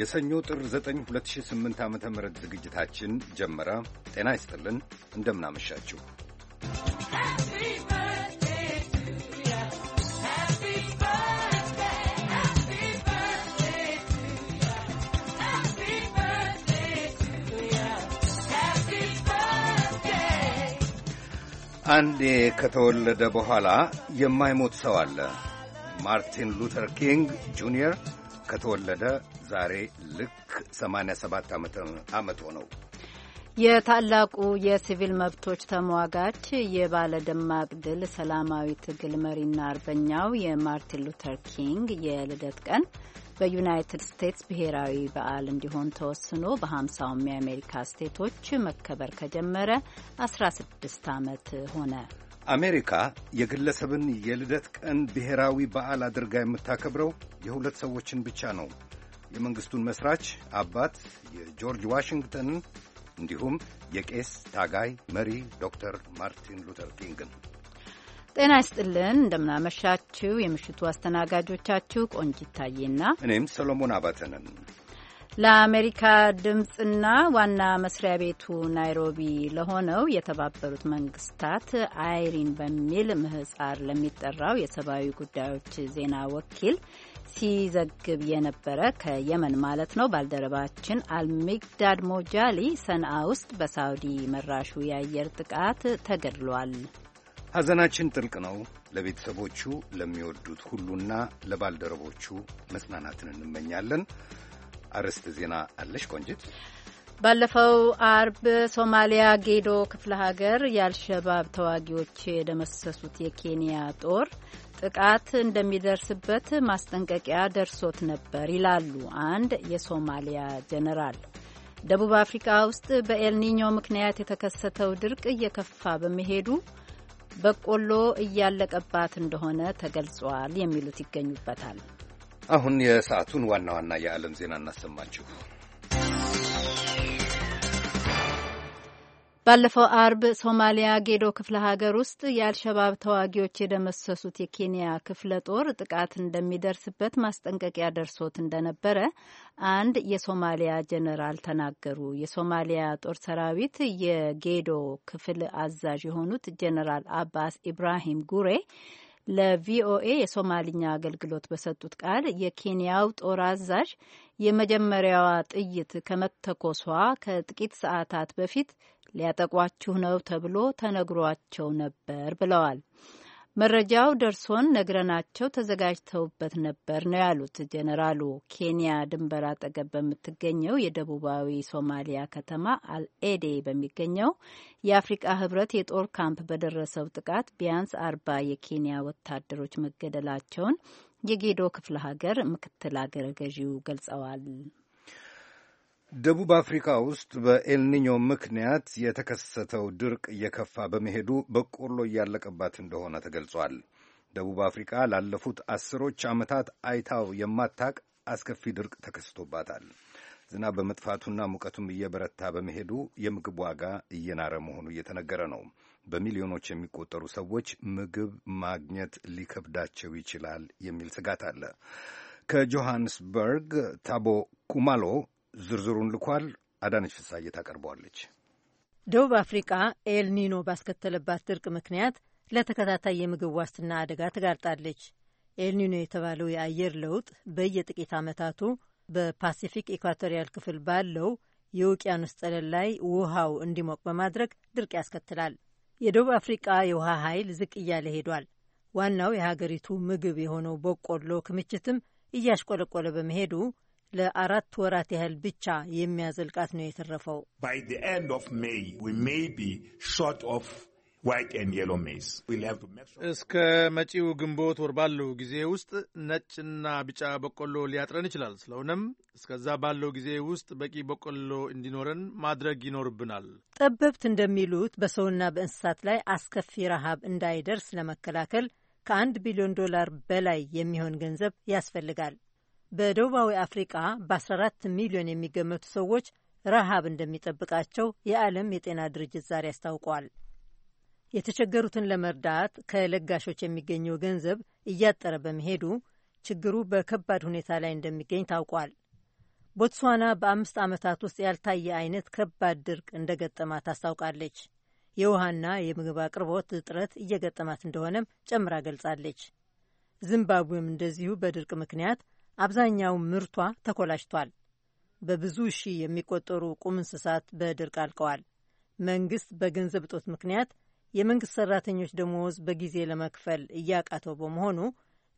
የሰኞ ጥር 9 2008 ዓ ም ዝግጅታችን ጀመረ። ጤና ይስጥልን፣ እንደምናመሻችሁ አንዴ ከተወለደ በኋላ የማይሞት ሰው አለ። ማርቲን ሉተር ኪንግ ጁኒየር ከተወለደ ዛሬ ልክ 87 ዓመት ሆነው። የታላቁ የሲቪል መብቶች ተሟጋች የባለ ደማቅ ድል ሰላማዊ ትግል መሪና አርበኛው የማርቲን ሉተር ኪንግ የልደት ቀን በዩናይትድ ስቴትስ ብሔራዊ በዓል እንዲሆን ተወስኖ በሀምሳውም የአሜሪካ ስቴቶች መከበር ከጀመረ 16 ዓመት ሆነ። አሜሪካ የግለሰብን የልደት ቀን ብሔራዊ በዓል አድርጋ የምታከብረው የሁለት ሰዎችን ብቻ ነው። የመንግስቱን መስራች አባት የጆርጅ ዋሽንግተን እንዲሁም የቄስ ታጋይ መሪ ዶክተር ማርቲን ሉተር ኪንግን። ጤና ይስጥልን። እንደምናመሻችው የምሽቱ አስተናጋጆቻችሁ ቆንጂት ታዬና እኔም ሰሎሞን አባተ ነን። ለአሜሪካ ድምፅና ዋና መስሪያ ቤቱ ናይሮቢ ለሆነው የተባበሩት መንግስታት አይሪን በሚል ምህጻር ለሚጠራው የሰብአዊ ጉዳዮች ዜና ወኪል ሲዘግብ የነበረ ከየመን ማለት ነው ባልደረባችን አልሚግዳድ ሞጃሊ ሰንአ ውስጥ በሳውዲ መራሹ የአየር ጥቃት ተገድሏል። ሐዘናችን ጥልቅ ነው። ለቤተሰቦቹ፣ ለሚወዱት ሁሉና ለባልደረቦቹ መጽናናትን እንመኛለን። አርዕስት ዜና አለሽ ቆንጅት። ባለፈው አርብ ሶማሊያ ጌዶ ክፍለ ሀገር የአልሸባብ ተዋጊዎች የደመሰሱት የኬንያ ጦር ጥቃት እንደሚደርስበት ማስጠንቀቂያ ደርሶት ነበር ይላሉ አንድ የሶማሊያ ጀነራል። ደቡብ አፍሪካ ውስጥ በኤልኒኞ ምክንያት የተከሰተው ድርቅ እየከፋ በመሄዱ በቆሎ እያለቀባት እንደሆነ ተገልጿል። የሚሉት ይገኙበታል። አሁን የሰዓቱን ዋና ዋና የዓለም ዜና እናሰማችሁ። ባለፈው አርብ ሶማሊያ ጌዶ ክፍለ ሀገር ውስጥ የአልሸባብ ተዋጊዎች የደመሰሱት የኬንያ ክፍለ ጦር ጥቃት እንደሚደርስበት ማስጠንቀቂያ ደርሶት እንደነበረ አንድ የሶማሊያ ጀነራል ተናገሩ። የሶማሊያ ጦር ሰራዊት የጌዶ ክፍል አዛዥ የሆኑት ጀነራል አባስ ኢብራሂም ጉሬ ለቪኦኤ የሶማልኛ አገልግሎት በሰጡት ቃል የኬንያው ጦር አዛዥ የመጀመሪያዋ ጥይት ከመተኮሷ ከጥቂት ሰዓታት በፊት ሊያጠቋችሁ ነው ተብሎ ተነግሯቸው ነበር ብለዋል። መረጃው ደርሶን ነግረናቸው ተዘጋጅተውበት ነበር ነው ያሉት ጄኔራሉ። ኬንያ ድንበር አጠገብ በምትገኘው የደቡባዊ ሶማሊያ ከተማ አልኤዴ በሚገኘው የአፍሪቃ ህብረት የጦር ካምፕ በደረሰው ጥቃት ቢያንስ አርባ የኬንያ ወታደሮች መገደላቸውን የጌዶ ክፍለ ሀገር ምክትል አገረ ገዢው ገልጸዋል። ደቡብ አፍሪካ ውስጥ በኤልኒኞ ምክንያት የተከሰተው ድርቅ እየከፋ በመሄዱ በቆሎ እያለቀባት እንደሆነ ተገልጿል። ደቡብ አፍሪካ ላለፉት አስሮች ዓመታት አይታው የማታቅ አስከፊ ድርቅ ተከስቶባታል። ዝናብ በመጥፋቱና ሙቀቱም እየበረታ በመሄዱ የምግብ ዋጋ እየናረ መሆኑ እየተነገረ ነው። በሚሊዮኖች የሚቆጠሩ ሰዎች ምግብ ማግኘት ሊከብዳቸው ይችላል የሚል ስጋት አለ። ከጆሃንስበርግ ታቦ ኩማሎ ዝርዝሩን ልኳል። አዳነች ፍሳዬ ታቀርበዋለች። ደቡብ አፍሪቃ ኤልኒኖ ባስከተለባት ድርቅ ምክንያት ለተከታታይ የምግብ ዋስትና አደጋ ተጋርጣለች። ኤልኒኖ የተባለው የአየር ለውጥ በየጥቂት ዓመታቱ በፓሲፊክ ኢኳቶሪያል ክፍል ባለው የውቅያኖስ ጠለል ላይ ውሃው እንዲሞቅ በማድረግ ድርቅ ያስከትላል። የደቡብ አፍሪቃ የውሃ ኃይል ዝቅ እያለ ሄዷል። ዋናው የሀገሪቱ ምግብ የሆነው በቆሎ ክምችትም እያሽቆለቆለ በመሄዱ ለአራት ወራት ያህል ብቻ የሚያዘልቃት ነው የተረፈው። እስከ መጪው ግንቦት ወር ባለው ጊዜ ውስጥ ነጭና ቢጫ በቆሎ ሊያጥረን ይችላል። ስለሆነም እስከዛ ባለው ጊዜ ውስጥ በቂ በቆሎ እንዲኖረን ማድረግ ይኖርብናል። ጠበብት እንደሚሉት በሰውና በእንስሳት ላይ አስከፊ ረሃብ እንዳይደርስ ለመከላከል ከአንድ ቢሊዮን ዶላር በላይ የሚሆን ገንዘብ ያስፈልጋል። በደቡባዊ አፍሪቃ በ14 ሚሊዮን የሚገመቱ ሰዎች ረሃብ እንደሚጠብቃቸው የዓለም የጤና ድርጅት ዛሬ አስታውቋል። የተቸገሩትን ለመርዳት ከለጋሾች የሚገኘው ገንዘብ እያጠረ በመሄዱ ችግሩ በከባድ ሁኔታ ላይ እንደሚገኝ ታውቋል። ቦትስዋና በአምስት ዓመታት ውስጥ ያልታየ አይነት ከባድ ድርቅ እንደገጠማት ታስታውቃለች። የውሃና የምግብ አቅርቦት እጥረት እየገጠማት እንደሆነም ጨምራ ገልጻለች። ዚምባብዌም እንደዚሁ በድርቅ ምክንያት አብዛኛው ምርቷ ተኮላሽቷል። በብዙ ሺህ የሚቆጠሩ ቁም እንስሳት በድርቅ አልቀዋል። መንግስት በገንዘብ እጦት ምክንያት የመንግስት ሰራተኞች ደሞዝ በጊዜ ለመክፈል እያቃተው በመሆኑ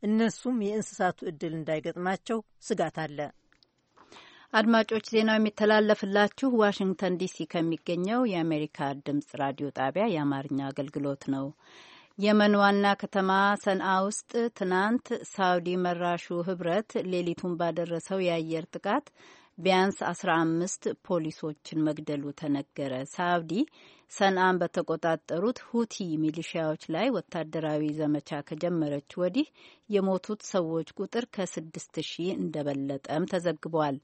እነሱም የእንስሳቱ እድል እንዳይገጥማቸው ስጋት አለ። አድማጮች ዜናው የሚተላለፍላችሁ ዋሽንግተን ዲሲ ከሚገኘው የአሜሪካ ድምጽ ራዲዮ ጣቢያ የአማርኛ አገልግሎት ነው። የመን ዋና ከተማ ሰንአ ውስጥ ትናንት ሳውዲ መራሹ ህብረት ሌሊቱን ባደረሰው የአየር ጥቃት ቢያንስ አስራ አምስት ፖሊሶችን መግደሉ ተነገረ። ሳውዲ ሰንአን በተቆጣጠሩት ሁቲ ሚሊሺያዎች ላይ ወታደራዊ ዘመቻ ከጀመረች ወዲህ የሞቱት ሰዎች ቁጥር ከስድስት ሺህ እንደበለጠም ተዘግቧል።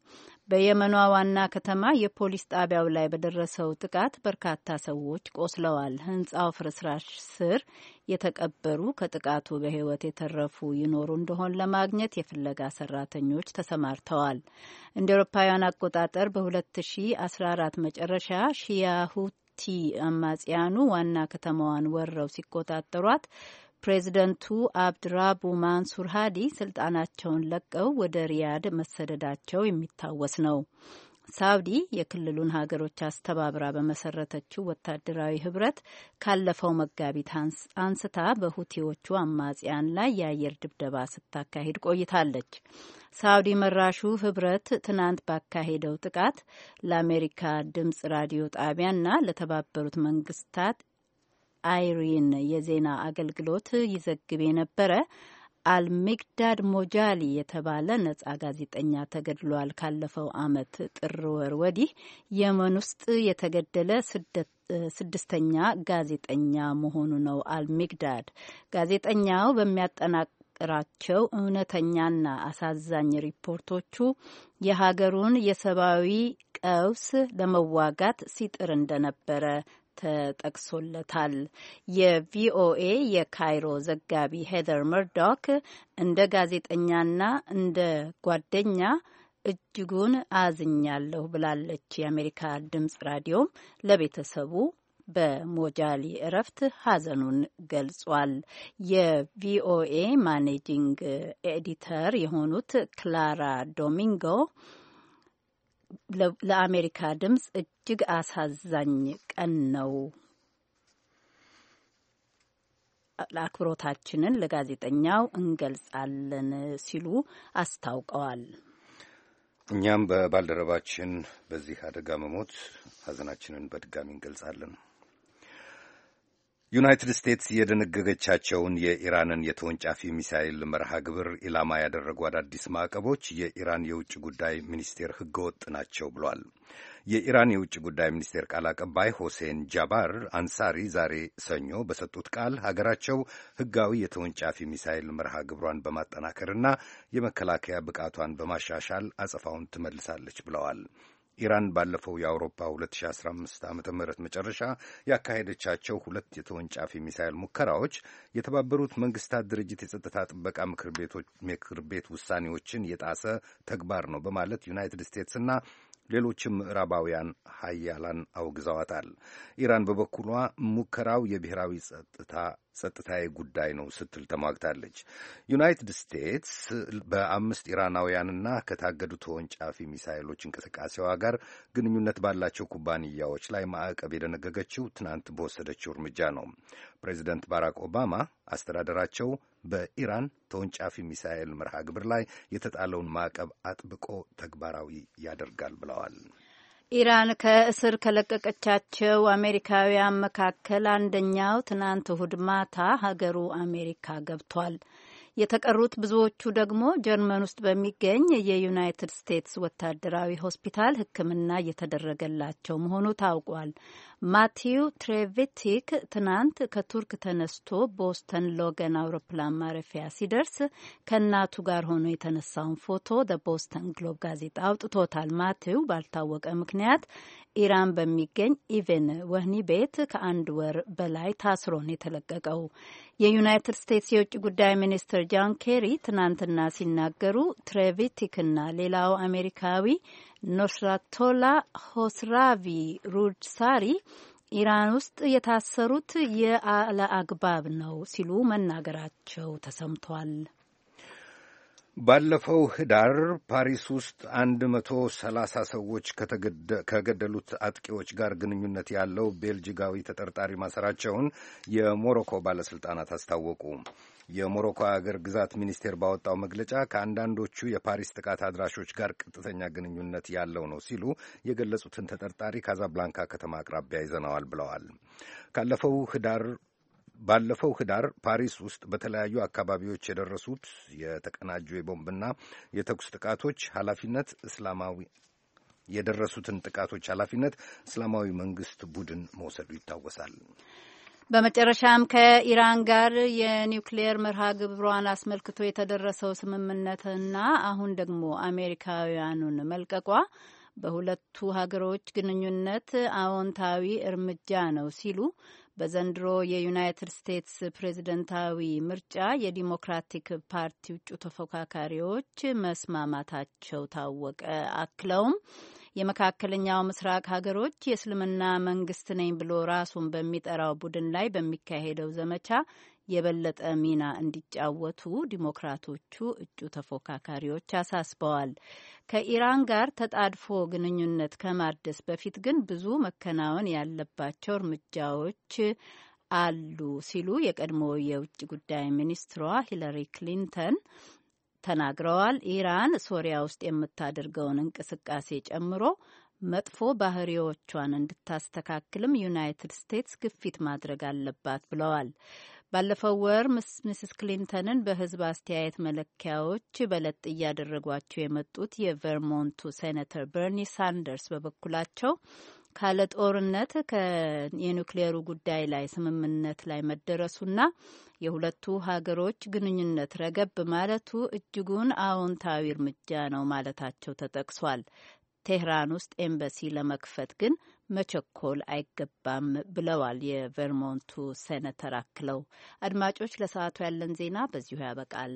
በየመኗ ዋና ከተማ የፖሊስ ጣቢያው ላይ በደረሰው ጥቃት በርካታ ሰዎች ቆስለዋል። ሕንጻው ፍርስራሽ ስር የተቀበሩ ከጥቃቱ በሕይወት የተረፉ ይኖሩ እንደሆን ለማግኘት የፍለጋ ሰራተኞች ተሰማርተዋል። እንደ አውሮፓውያን አቆጣጠር በ2014 መጨረሻ ሺያ ሁቲ አማጽያኑ ዋና ከተማዋን ወረው ሲቆጣጠሯት ፕሬዚደንቱ አብድራቡ ማንሱር ሀዲ ስልጣናቸውን ለቀው ወደ ሪያድ መሰደዳቸው የሚታወስ ነው። ሳውዲ የክልሉን ሀገሮች አስተባብራ በመሰረተችው ወታደራዊ ህብረት ካለፈው መጋቢት አንስታ በሁቲዎቹ አማጽያን ላይ የአየር ድብደባ ስታካሂድ ቆይታለች። ሳውዲ መራሹ ህብረት ትናንት ባካሄደው ጥቃት ለአሜሪካ ድምጽ ራዲዮ ጣቢያና ለተባበሩት መንግስታት አይሪን የዜና አገልግሎት ይዘግብ የነበረ አልሚግዳድ ሞጃሊ የተባለ ነጻ ጋዜጠኛ ተገድሏል። ካለፈው አመት ጥር ወር ወዲህ የመን ውስጥ የተገደለ ስድስተኛ ጋዜጠኛ መሆኑ ነው። አልሚግዳድ ጋዜጠኛው በሚያጠናቅራቸው እውነተኛና አሳዛኝ ሪፖርቶቹ የሀገሩን የሰብአዊ ቀውስ ለመዋጋት ሲጥር እንደነበረ ተጠቅሶለታል። የቪኦኤ የካይሮ ዘጋቢ ሄደር መርዶክ እንደ ጋዜጠኛና እንደ ጓደኛ እጅጉን አዝኛለሁ ብላለች። የአሜሪካ ድምጽ ራዲዮም ለቤተሰቡ በሞጃሊ እረፍት ሐዘኑን ገልጿል። የቪኦኤ ማኔጂንግ ኤዲተር የሆኑት ክላራ ዶሚንጎ ለአሜሪካ ድምፅ እጅግ አሳዛኝ ቀን ነው። አክብሮታችንን ለጋዜጠኛው እንገልጻለን ሲሉ አስታውቀዋል። እኛም በባልደረባችን በዚህ አደጋ መሞት ሀዘናችንን በድጋሚ እንገልጻለን። ዩናይትድ ስቴትስ የደነገገቻቸውን የኢራንን የተወንጫፊ ሚሳይል መርሃ ግብር ኢላማ ያደረጉ አዳዲስ ማዕቀቦች የኢራን የውጭ ጉዳይ ሚኒስቴር ህገወጥ ናቸው ብሏል። የኢራን የውጭ ጉዳይ ሚኒስቴር ቃል አቀባይ ሆሴን ጃባር አንሳሪ ዛሬ ሰኞ በሰጡት ቃል ሀገራቸው ህጋዊ የተወንጫፊ ሚሳይል መርሃ ግብሯን በማጠናከርና የመከላከያ ብቃቷን በማሻሻል አጸፋውን ትመልሳለች ብለዋል። ኢራን ባለፈው የአውሮፓ 2015 ዓ ም መጨረሻ ያካሄደቻቸው ሁለት የተወንጫፊ ሚሳይል ሙከራዎች የተባበሩት መንግስታት ድርጅት የጸጥታ ጥበቃ ምክር ቤት ውሳኔዎችን የጣሰ ተግባር ነው በማለት ዩናይትድ ስቴትስና ሌሎችም ምዕራባውያን ሀያላን አውግዘዋታል። ኢራን በበኩሏ ሙከራው የብሔራዊ ጸጥታ ጸጥታዊ ጉዳይ ነው ስትል ተሟግታለች። ዩናይትድ ስቴትስ በአምስት ኢራናውያንና ከታገዱ ተወንጫፊ ሚሳይሎች እንቅስቃሴዋ ጋር ግንኙነት ባላቸው ኩባንያዎች ላይ ማዕቀብ የደነገገችው ትናንት በወሰደችው እርምጃ ነው። ፕሬዚደንት ባራክ ኦባማ አስተዳደራቸው በኢራን ተወንጫፊ ሚሳይል መርሃ ግብር ላይ የተጣለውን ማዕቀብ አጥብቆ ተግባራዊ ያደርጋል ብለዋል። ኢራን ከእስር ከለቀቀቻቸው አሜሪካውያን መካከል አንደኛው ትናንት እሁድ ማታ ሀገሩ አሜሪካ ገብቷል። የተቀሩት ብዙዎቹ ደግሞ ጀርመን ውስጥ በሚገኝ የዩናይትድ ስቴትስ ወታደራዊ ሆስፒታል ሕክምና እየተደረገላቸው መሆኑ ታውቋል። ማቲው ትሬቪቲክ ትናንት ከቱርክ ተነስቶ ቦስተን ሎገን አውሮፕላን ማረፊያ ሲደርስ ከእናቱ ጋር ሆኖ የተነሳውን ፎቶ ደ ቦስተን ግሎብ ጋዜጣ አውጥቶታል። ማቲው ባልታወቀ ምክንያት ኢራን በሚገኝ ኢቬን ወህኒ ቤት ከአንድ ወር በላይ ታስሮ ነው የተለቀቀው። የዩናይትድ ስቴትስ የውጭ ጉዳይ ሚኒስትር ጃን ኬሪ ትናንትና ሲናገሩ ትሬቪቲክና ሌላው አሜሪካዊ ኖሽራቶላ ሆስራቪ ሩድሳሪ ኢራን ውስጥ የታሰሩት ያለ አግባብ ነው ሲሉ መናገራቸው ተሰምቷል። ባለፈው ህዳር ፓሪስ ውስጥ አንድ መቶ ሰላሳ ሰዎች ከገደሉት አጥቂዎች ጋር ግንኙነት ያለው ቤልጂጋዊ ተጠርጣሪ ማሰራቸውን የሞሮኮ ባለሥልጣናት አስታወቁ። የሞሮኮ አገር ግዛት ሚኒስቴር ባወጣው መግለጫ ከአንዳንዶቹ የፓሪስ ጥቃት አድራሾች ጋር ቀጥተኛ ግንኙነት ያለው ነው ሲሉ የገለጹትን ተጠርጣሪ ካዛብላንካ ከተማ አቅራቢያ ይዘነዋል ብለዋል። ካለፈው ህዳር ባለፈው ህዳር ፓሪስ ውስጥ በተለያዩ አካባቢዎች የደረሱት የተቀናጁ የቦምብና የተኩስ ጥቃቶች ኃላፊነት እስላማዊ የደረሱትን ጥቃቶች ኃላፊነት እስላማዊ መንግስት ቡድን መውሰዱ ይታወሳል። በመጨረሻም ከኢራን ጋር የኒውክሌየር መርሃ ግብሯን አስመልክቶ የተደረሰው ስምምነትና አሁን ደግሞ አሜሪካውያኑን መልቀቋ በሁለቱ ሀገሮች ግንኙነት አዎንታዊ እርምጃ ነው ሲሉ በዘንድሮ የዩናይትድ ስቴትስ ፕሬዝደንታዊ ምርጫ የዲሞክራቲክ ፓርቲ እጩ ተፎካካሪዎች መስማማታቸው ታወቀ። አክለውም የመካከለኛው ምስራቅ ሀገሮች የእስልምና መንግስት ነኝ ብሎ ራሱን በሚጠራው ቡድን ላይ በሚካሄደው ዘመቻ የበለጠ ሚና እንዲጫወቱ ዲሞክራቶቹ እጩ ተፎካካሪዎች አሳስበዋል። ከኢራን ጋር ተጣድፎ ግንኙነት ከማደስ በፊት ግን ብዙ መከናወን ያለባቸው እርምጃዎች አሉ ሲሉ የቀድሞ የውጭ ጉዳይ ሚኒስትሯ ሂለሪ ክሊንተን ተናግረዋል። ኢራን ሶሪያ ውስጥ የምታደርገውን እንቅስቃሴ ጨምሮ መጥፎ ባህሪዎቿን እንድታስተካክልም ዩናይትድ ስቴትስ ግፊት ማድረግ አለባት ብለዋል። ባለፈው ወር ሚስስ ክሊንተንን በህዝብ አስተያየት መለኪያዎች በለጥ እያደረጓቸው የመጡት የቨርሞንቱ ሴኔተር በርኒ ሳንደርስ በበኩላቸው ካለ ጦርነት የኒውክሌሩ ጉዳይ ላይ ስምምነት ላይ መደረሱና የሁለቱ ሀገሮች ግንኙነት ረገብ ማለቱ እጅጉን አዎንታዊ እርምጃ ነው ማለታቸው ተጠቅሷል። ቴህራን ውስጥ ኤምባሲ ለመክፈት ግን መቸኮል አይገባም ብለዋል የቨርሞንቱ ሴነተር አክለው። አድማጮች፣ ለሰዓቱ ያለን ዜና በዚሁ ያበቃል።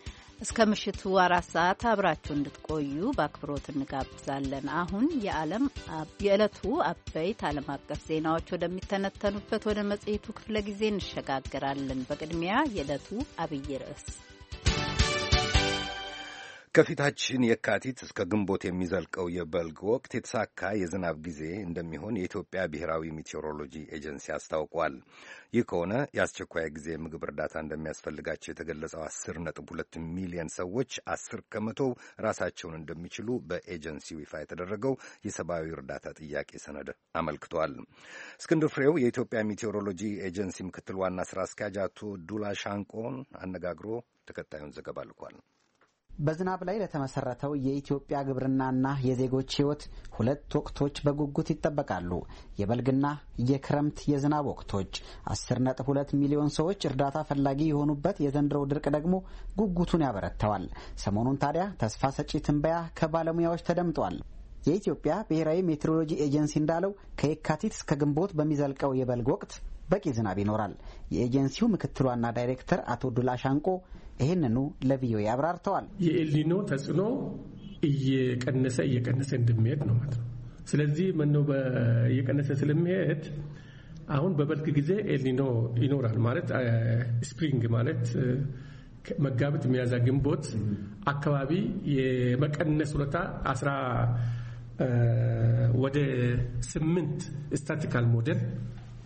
እስከ ምሽቱ አራት ሰዓት አብራችሁ እንድትቆዩ በአክብሮት እንጋብዛለን። አሁን የዓለም የዕለቱ አበይት ዓለም አቀፍ ዜናዎች ወደሚተነተኑበት ወደ መጽሔቱ ክፍለ ጊዜ እንሸጋግራለን። በቅድሚያ የዕለቱ አብይ ርዕስ ከፊታችን የካቲት እስከ ግንቦት የሚዘልቀው የበልግ ወቅት የተሳካ የዝናብ ጊዜ እንደሚሆን የኢትዮጵያ ብሔራዊ ሚቴዎሮሎጂ ኤጀንሲ አስታውቋል። ይህ ከሆነ የአስቸኳይ ጊዜ ምግብ እርዳታ እንደሚያስፈልጋቸው የተገለጸው አስር ነጥብ ሁለት ሚሊየን ሰዎች አስር ከመቶው ራሳቸውን እንደሚችሉ በኤጀንሲው ይፋ የተደረገው የሰብአዊ እርዳታ ጥያቄ ሰነድ አመልክቷል። እስክንድር ፍሬው የኢትዮጵያ ሚቴዎሮሎጂ ኤጀንሲ ምክትል ዋና ስራ አስኪያጅ አቶ ዱላ ሻንቆን አነጋግሮ ተከታዩን ዘገባ ልኳል። በዝናብ ላይ ለተመሰረተው የኢትዮጵያ ግብርናና የዜጎች ሕይወት ሁለት ወቅቶች በጉጉት ይጠበቃሉ። የበልግና የክረምት የዝናብ ወቅቶች። 10.2 ሚሊዮን ሰዎች እርዳታ ፈላጊ የሆኑበት የዘንድሮው ድርቅ ደግሞ ጉጉቱን ያበረተዋል። ሰሞኑን ታዲያ ተስፋ ሰጪ ትንበያ ከባለሙያዎች ተደምጧል። የኢትዮጵያ ብሔራዊ ሜትሮሎጂ ኤጀንሲ እንዳለው ከየካቲት እስከ ግንቦት በሚዘልቀው የበልግ ወቅት በቂ ዝናብ ይኖራል። የኤጀንሲው ምክትል ዋና ዳይሬክተር አቶ ዱላ ሻንቆ ይህንኑ ለቪኦኤ አብራርተዋል። የኤልኒኖ ተጽዕኖ እየቀነሰ እየቀነሰ እንደሚሄድ ነው ማለት ነው። ስለዚህ መኖ እየቀነሰ ስለሚሄድ አሁን በበልግ ጊዜ ኤልኒኖ ይኖራል ማለት ስፕሪንግ ማለት መጋቢት፣ ሚያዝያ፣ ግንቦት አካባቢ የመቀነስ ሁኔታ አስራ ወደ ስምንት ስታቲካል ሞዴል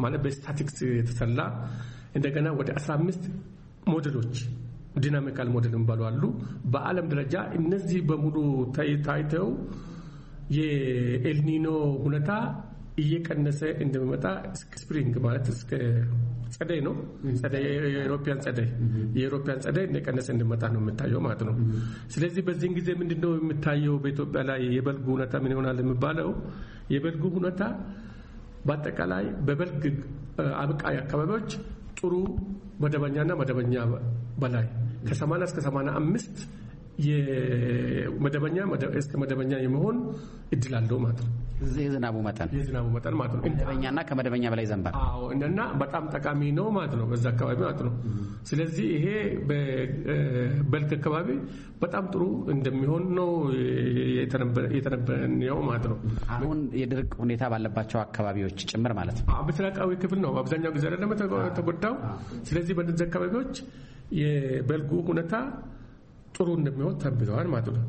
ማለት በስታቲክስ የተሰላ እንደገና ወደ 15 ሞዴሎች ዲናሚካል ሞዴል የሚባሉ አሉ። በዓለም ደረጃ እነዚህ በሙሉ ታይተው የኤልኒኖ ሁኔታ እየቀነሰ እንደሚመጣ ስፕሪንግ ማለት እስከ ጸደይ ነው። የኢሮፒያን ጸደይ የኢሮፒያን ጸደይ እንደቀነሰ እንደመጣ ነው የምታየው ማለት ነው። ስለዚህ በዚህን ጊዜ ምንድነው የምታየው በኢትዮጵያ ላይ የበልጉ ሁኔታ ምን ይሆናል የሚባለው የበልጉ ሁኔታ በአጠቃላይ በበልግ አብቃይ አካባቢዎች ጥሩ መደበኛና መደበኛ በላይ ከ80 እስከ 85 መደበኛ እስከ መደበኛ የመሆን እድል አለው ማለት ነው። የዝናቡ መጠን የዝናቡ መጠን ማለት ነው። መደበኛና ከመደበኛ በላይ ዘንባል። አዎ እና በጣም ጠቃሚ ነው ማለት ነው በዛ አካባቢ ማለት ነው። ስለዚህ ይሄ በበልግ አካባቢ በጣም ጥሩ እንደሚሆን ነው የተነበየው ማለት ነው። አሁን የድርቅ ሁኔታ ባለባቸው አካባቢዎች ጭምር ማለት ነው። ምስራቃዊ ክፍል ነው አብዛኛው ጊዜ አይደለም ተጎዳው። ስለዚህ በነዚህ አካባቢዎች የበልጉ ሁኔታ ጥሩ እንደሚሆን ተንብተዋል ማለት ነው።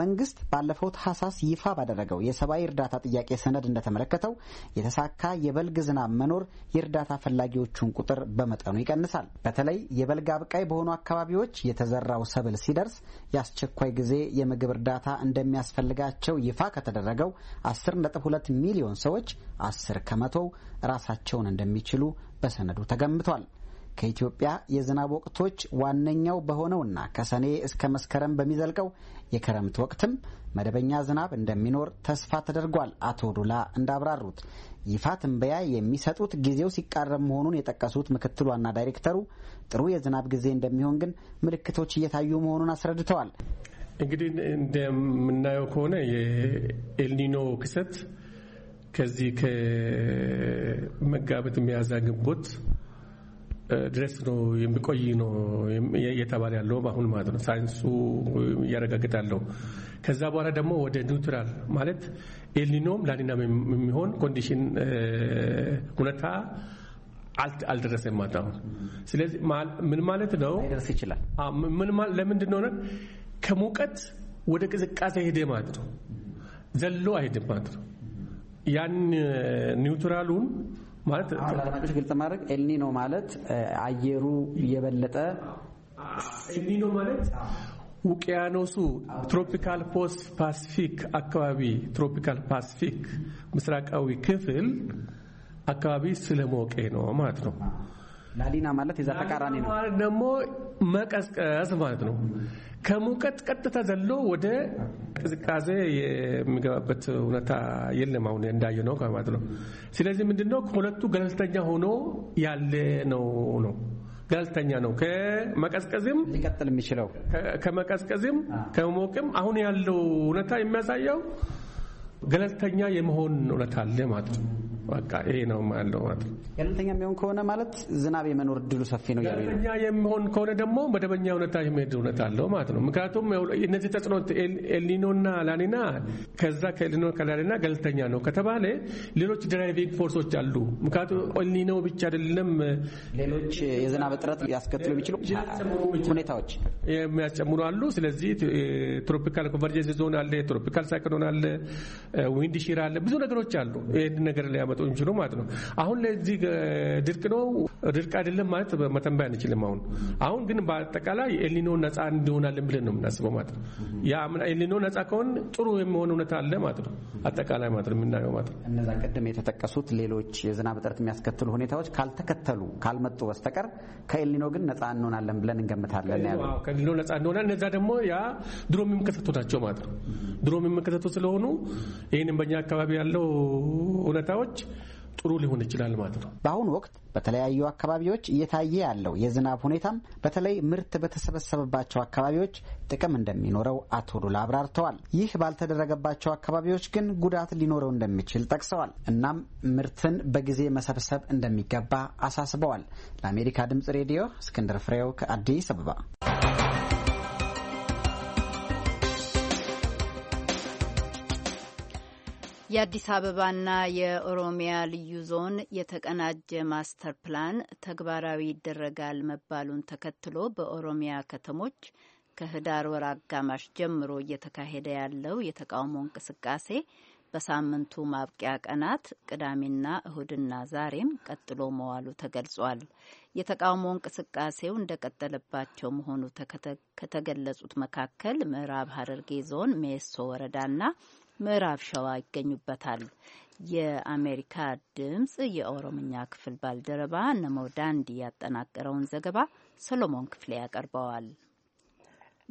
መንግስት ባለፈው ታህሳስ ይፋ ባደረገው የሰብአዊ እርዳታ ጥያቄ ሰነድ እንደተመለከተው የተሳካ የበልግ ዝናብ መኖር የእርዳታ ፈላጊዎቹን ቁጥር በመጠኑ ይቀንሳል። በተለይ የበልግ አብቃይ በሆኑ አካባቢዎች የተዘራው ሰብል ሲደርስ የአስቸኳይ ጊዜ የምግብ እርዳታ እንደሚያስፈልጋቸው ይፋ ከተደረገው 10.2 ሚሊዮን ሰዎች 10 ከመቶው ራሳቸውን እንደሚችሉ በሰነዱ ተገምቷል። ከኢትዮጵያ የዝናብ ወቅቶች ዋነኛው በሆነውና ከሰኔ እስከ መስከረም በሚዘልቀው የክረምት ወቅትም መደበኛ ዝናብ እንደሚኖር ተስፋ ተደርጓል። አቶ ዱላ እንዳብራሩት ይፋ ትንበያ የሚሰጡት ጊዜው ሲቃረብ መሆኑን የጠቀሱት ምክትል ዋና ዳይሬክተሩ ጥሩ የዝናብ ጊዜ እንደሚሆን ግን ምልክቶች እየታዩ መሆኑን አስረድተዋል። እንግዲህ እንደምናየው ከሆነ የኤልኒኖ ክሰት ከዚህ ከመጋበት ሚያዝያ፣ ግንቦት ድረስ ነው የሚቆይ ነው እየተባለ ያለው አሁን ማለት ነው ሳይንሱ እያረጋግጣለው። ከዛ በኋላ ደግሞ ወደ ኒውትራል ማለት ኤልኒኖም ላኒናም የሚሆን ኮንዲሽን ሁኔታ አልደረሰም ማለት አሁን። ስለዚህ ምን ማለት ነው ደርስ ይችላል ለምንድን ሆነ ከሙቀት ወደ ቅዝቃዜ ሄደ ማለት ነው ዘሎ አይሄድም ማለት ነው ያን ኒውትራሉን ማለት አድማጮች ግልጽ ማድረግ ኤልኒኖ ማለት አየሩ የበለጠ ኤልኒኖ ማለት ውቅያኖሱ ትሮፒካል ፖስት ፓሲፊክ አካባቢ ትሮፒካል ፓሲፊክ ምስራቃዊ ክፍል አካባቢ ስለሞቀ ነው ማለት ነው። ላሊና ማለት የዛ ተቃራኒ ነው ደግሞ መቀዝቀዝ ማለት ነው። ከሙቀት ቀጥታ ዘሎ ወደ ቅዝቃዜ የሚገባበት እውነታ የለም። አሁን እንዳየ ነው ማለት ነው። ስለዚህ ምንድነው ሁለቱ ገለልተኛ ሆኖ ያለ ነው ነው ገለልተኛ ነው። ከመቀዝቀዝም ሊቀጥል የሚችለው ከመቀዝቀዝም ከመሞቅም አሁን ያለው እውነታ የሚያሳየው ገለልተኛ የመሆን እውነታ አለ ማለት ነው። በቃ ይሄ ነው ያለው ማለት ነው። ገለልተኛ የሚሆን ከሆነ ማለት ዝናብ የመኖር እድሉ ሰፊ ነው። ገለልተኛ የሚሆን ከሆነ ደግሞ መደበኛ ሁኔታ የሚሄድ እውነት አለው ማለት ነው። ምክንያቱም እነዚህ ተጽዕኖ ኤልኒኖና ላኒና ከዛ ከኤልኒኖ ከላኒና ገለልተኛ ነው ከተባለ ሌሎች ድራይቪንግ ፎርሶች አሉ። ምክንያቱም ኤልኒኖ ብቻ አይደለም፣ ሌሎች የዝናብ እጥረት ሊያስከትሉ የሚችሉ ሁኔታዎች የሚያስጨምሩ አሉ። ስለዚህ ትሮፒካል ኮንቨርጀንስ ዞን አለ፣ ትሮፒካል ሳይክሎን አለ፣ ዊንድ ሺር አለ፣ ብዙ ነገሮች አሉ ይህን ነገር ሊያመ ሊያመጡ የሚችሉ ማለት ነው። አሁን ለዚህ ድርቅ ነው ድርቅ አይደለም ማለት መተንበያ አንችልም። አሁን አሁን ግን በአጠቃላይ ኤልኒኖ ነፃ እንዲሆናለን ብለን ነው የምናስበው ማለት ነው። ኤልኒኖ ነፃ ከሆን ጥሩ የሚሆን እውነት አለ ማለት ነው። አጠቃላይ ማለት ነው የምናየው ማለት ነው። እነዛ ቅድም የተጠቀሱት ሌሎች የዝናብ እጥረት የሚያስከትሉ ሁኔታዎች ካልተከተሉ ካልመጡ በስተቀር ከኤልኒኖ ግን ነፃ እንሆናለን ብለን እንገምታለን ከኤልኒኖ ነፃ እንደሆነ እነዛ ደግሞ ያ ድሮ የሚመከተቱ ናቸው ማለት ነው። ድሮ የሚመከተቱ ስለሆኑ ይህንም በእኛ አካባቢ ያለው እውነታዎች ጥሩ ሊሆን ይችላል ማለት ነው። በአሁኑ ወቅት በተለያዩ አካባቢዎች እየታየ ያለው የዝናብ ሁኔታም በተለይ ምርት በተሰበሰበባቸው አካባቢዎች ጥቅም እንደሚኖረው አቶ ዱላ አብራርተዋል። ይህ ባልተደረገባቸው አካባቢዎች ግን ጉዳት ሊኖረው እንደሚችል ጠቅሰዋል። እናም ምርትን በጊዜ መሰብሰብ እንደሚገባ አሳስበዋል። ለአሜሪካ ድምጽ ሬዲዮ እስክንድር ፍሬው ከአዲስ አበባ የአዲስ አበባና የኦሮሚያ ልዩ ዞን የተቀናጀ ማስተር ፕላን ተግባራዊ ይደረጋል መባሉን ተከትሎ በኦሮሚያ ከተሞች ከህዳር ወር አጋማሽ ጀምሮ እየተካሄደ ያለው የተቃውሞ እንቅስቃሴ በሳምንቱ ማብቂያ ቀናት ቅዳሜና እሁድና ዛሬም ቀጥሎ መዋሉ ተገልጿል። የተቃውሞ እንቅስቃሴው እንደቀጠለባቸው መሆኑ ከተገለጹት መካከል ምዕራብ ሐረርጌ ዞን ሜሶ ወረዳና ምዕራብ ሸዋ ይገኙበታል። የአሜሪካ ድምፅ የኦሮምኛ ክፍል ባልደረባ ነመውዳንዲ ያጠናቀረውን ዘገባ ሰሎሞን ክፍሌ ያቀርበዋል።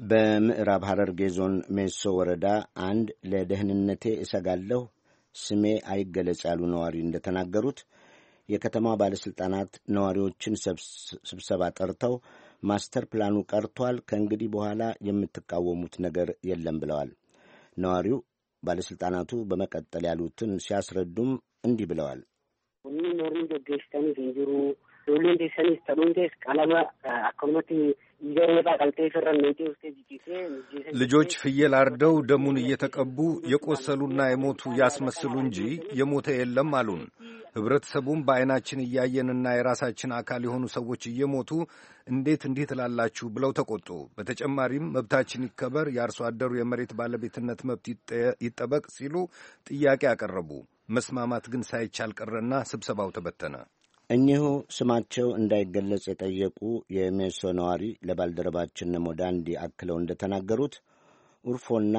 በምዕራብ ሐረርጌ ዞን ሜሶ ወረዳ አንድ ለደህንነቴ እሰጋለሁ ስሜ አይገለጽ ያሉ ነዋሪ እንደተናገሩት የከተማ ባለሥልጣናት ነዋሪዎችን ስብሰባ ጠርተው ማስተር ፕላኑ ቀርቷል፣ ከእንግዲህ በኋላ የምትቃወሙት ነገር የለም ብለዋል። ነዋሪው ባለሥልጣናቱ በመቀጠል ያሉትን ሲያስረዱም እንዲህ ብለዋል። ሁሉም ሞርኒ ደገስተኒ ፊንጅሩ ዶሌ ደሰኒስ ተዶንቴስ ቀለበ አኮመቲ ልጆች ፍየል አርደው ደሙን እየተቀቡ የቆሰሉና የሞቱ ያስመስሉ እንጂ የሞተ የለም አሉን። ህብረተሰቡም በዐይናችን እያየንና የራሳችን አካል የሆኑ ሰዎች እየሞቱ እንዴት እንዲህ ትላላችሁ ብለው ተቆጡ። በተጨማሪም መብታችን ይከበር፣ የአርሶ አደሩ የመሬት ባለቤትነት መብት ይጠበቅ ሲሉ ጥያቄ አቀረቡ። መስማማት ግን ሳይቻል ቀረና ስብሰባው ተበተነ። እኚሁ ስማቸው እንዳይገለጽ የጠየቁ የሜሶ ነዋሪ ለባልደረባችን ነሞ ዳንዲ አክለው እንደተናገሩት ኡርፎና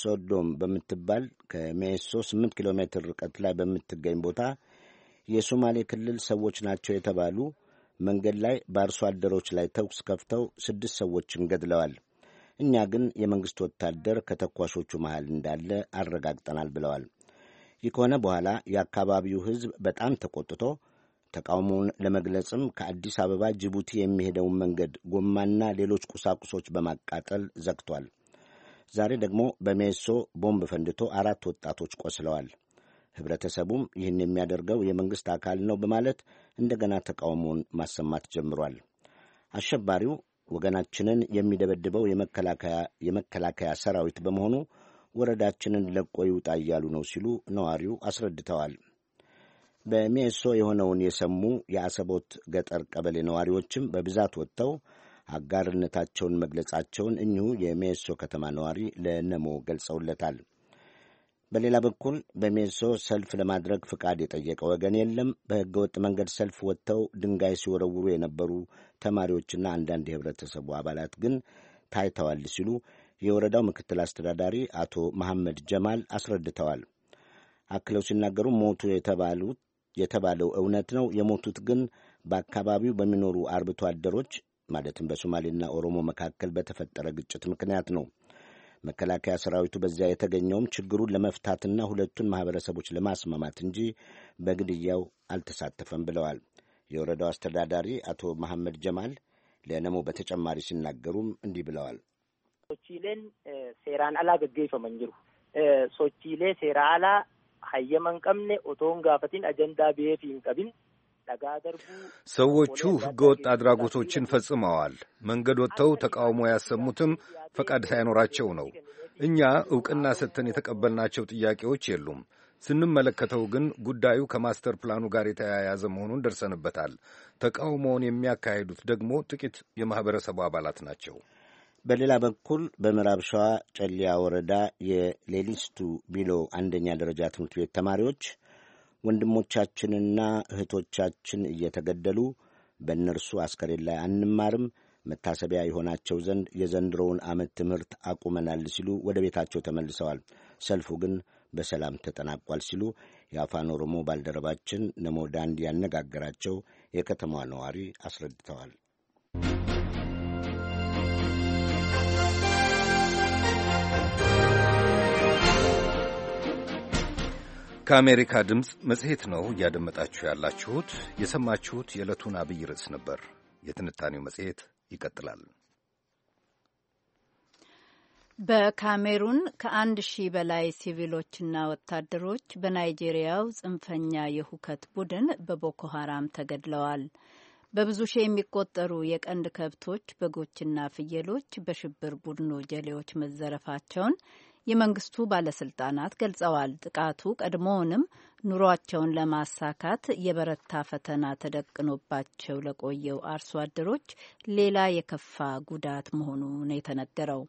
ሶዶም በምትባል ከሜሶ 8 ኪሎ ሜትር ርቀት ላይ በምትገኝ ቦታ የሶማሌ ክልል ሰዎች ናቸው የተባሉ መንገድ ላይ በአርሶ አደሮች ላይ ተኩስ ከፍተው ስድስት ሰዎችን ገድለዋል። እኛ ግን የመንግሥት ወታደር ከተኳሾቹ መሃል እንዳለ አረጋግጠናል ብለዋል። ይህ ከሆነ በኋላ የአካባቢው ሕዝብ በጣም ተቆጥቶ ተቃውሞውን ለመግለጽም ከአዲስ አበባ ጅቡቲ የሚሄደውን መንገድ ጎማና ሌሎች ቁሳቁሶች በማቃጠል ዘግቷል። ዛሬ ደግሞ በሜሶ ቦምብ ፈንድቶ አራት ወጣቶች ቆስለዋል። ህብረተሰቡም ይህን የሚያደርገው የመንግሥት አካል ነው በማለት እንደገና ተቃውሞውን ማሰማት ጀምሯል። አሸባሪው ወገናችንን የሚደበድበው የመከላከያ ሰራዊት በመሆኑ ወረዳችንን ለቆ ይውጣ እያሉ ነው ሲሉ ነዋሪው አስረድተዋል። በሚኤሶ የሆነውን የሰሙ የአሰቦት ገጠር ቀበሌ ነዋሪዎችም በብዛት ወጥተው አጋርነታቸውን መግለጻቸውን እኚሁ የሚኤሶ ከተማ ነዋሪ ለነሞ ገልጸውለታል። በሌላ በኩል በሚኤሶ ሰልፍ ለማድረግ ፍቃድ የጠየቀ ወገን የለም። ወጥ መንገድ ሰልፍ ወጥተው ድንጋይ ሲወረውሩ የነበሩ ተማሪዎችና አንዳንድ የህብረተሰቡ አባላት ግን ታይተዋል ሲሉ የወረዳው ምክትል አስተዳዳሪ አቶ መሐመድ ጀማል አስረድተዋል። አክለው ሲናገሩ ሞቱ የተባሉት የተባለው እውነት ነው። የሞቱት ግን በአካባቢው በሚኖሩ አርብቶ አደሮች ማለትም በሶማሌና ኦሮሞ መካከል በተፈጠረ ግጭት ምክንያት ነው። መከላከያ ሰራዊቱ በዚያ የተገኘውም ችግሩን ለመፍታትና ሁለቱን ማህበረሰቦች ለማስማማት እንጂ በግድያው አልተሳተፈም ብለዋል። የወረዳው አስተዳዳሪ አቶ መሐመድ ጀማል ለነሞ በተጨማሪ ሲናገሩም እንዲህ ብለዋል። ሶቺሌን ሴራን አላ ገጌ ሶቺሌ ሴራ አላ ሀየማን ቀምኔ ኦቶን ጋፈቲን አጀንዳ ብሄፍ ይንቀብን ሰዎቹ ህገወጥ አድራጎቶችን ፈጽመዋል። መንገድ ወጥተው ተቃውሞ ያሰሙትም ፈቃድ ሳይኖራቸው ነው። እኛ ዕውቅና ሰጥተን የተቀበልናቸው ጥያቄዎች የሉም። ስንመለከተው ግን ጉዳዩ ከማስተር ፕላኑ ጋር የተያያዘ መሆኑን ደርሰንበታል። ተቃውሞውን የሚያካሂዱት ደግሞ ጥቂት የማኅበረሰቡ አባላት ናቸው። በሌላ በኩል በምዕራብ ሸዋ ጨሊያ ወረዳ የሌሊስቱ ቢሎ አንደኛ ደረጃ ትምህርት ቤት ተማሪዎች ወንድሞቻችንና እህቶቻችን እየተገደሉ በእነርሱ አስከሬን ላይ አንማርም፣ መታሰቢያ የሆናቸው ዘንድ የዘንድሮውን ዓመት ትምህርት አቁመናል ሲሉ ወደ ቤታቸው ተመልሰዋል። ሰልፉ ግን በሰላም ተጠናቋል ሲሉ የአፋን ኦሮሞ ባልደረባችን ነሞ ዳንድ ያነጋገራቸው የከተማዋ ነዋሪ አስረድተዋል። ከአሜሪካ ድምፅ መጽሔት ነው እያደመጣችሁ ያላችሁት። የሰማችሁት የዕለቱን አብይ ርዕስ ነበር። የትንታኔው መጽሔት ይቀጥላል። በካሜሩን ከአንድ ሺህ በላይ ሲቪሎችና ወታደሮች በናይጄሪያው ጽንፈኛ የሁከት ቡድን በቦኮ ሀራም ተገድለዋል። በብዙ ሺህ የሚቆጠሩ የቀንድ ከብቶች፣ በጎችና ፍየሎች በሽብር ቡድኑ ጀሌዎች መዘረፋቸውን የመንግስቱ ባለስልጣናት ገልጸዋል። ጥቃቱ ቀድሞውንም ኑሯቸውን ለማሳካት የበረታ ፈተና ተደቅኖባቸው ለቆየው አርሶ አደሮች ሌላ የከፋ ጉዳት መሆኑ ነው የተነገረው።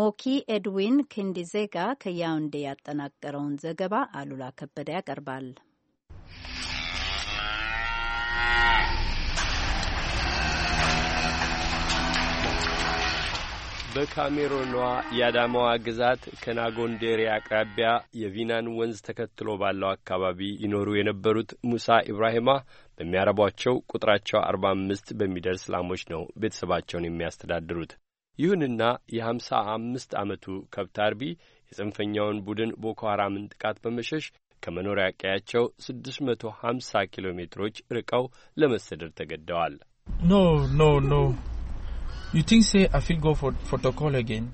ሞኪ ኤድዊን ኬንዲዜጋ ከያውንዴ ያጠናቀረውን ዘገባ አሉላ ከበደ ያቀርባል። በካሜሮኗ የአዳማዋ ግዛት ከናጎንዴሬ አቅራቢያ የቪናን ወንዝ ተከትሎ ባለው አካባቢ ይኖሩ የነበሩት ሙሳ ኢብራሂማ በሚያረቧቸው ቁጥራቸው አርባ አምስት በሚደርስ ላሞች ነው ቤተሰባቸውን የሚያስተዳድሩት። ይሁንና የሀምሳ አምስት ዓመቱ ከብት አርቢ የጽንፈኛውን ቡድን ቦኮ ሐራምን ጥቃት በመሸሽ ከመኖሪያ ቀያቸው ስድስት መቶ ሀምሳ ኪሎ ሜትሮች ርቀው ለመሰደድ ተገደዋል። ኖ ኖ ኖ You think say I feel go for protocol again?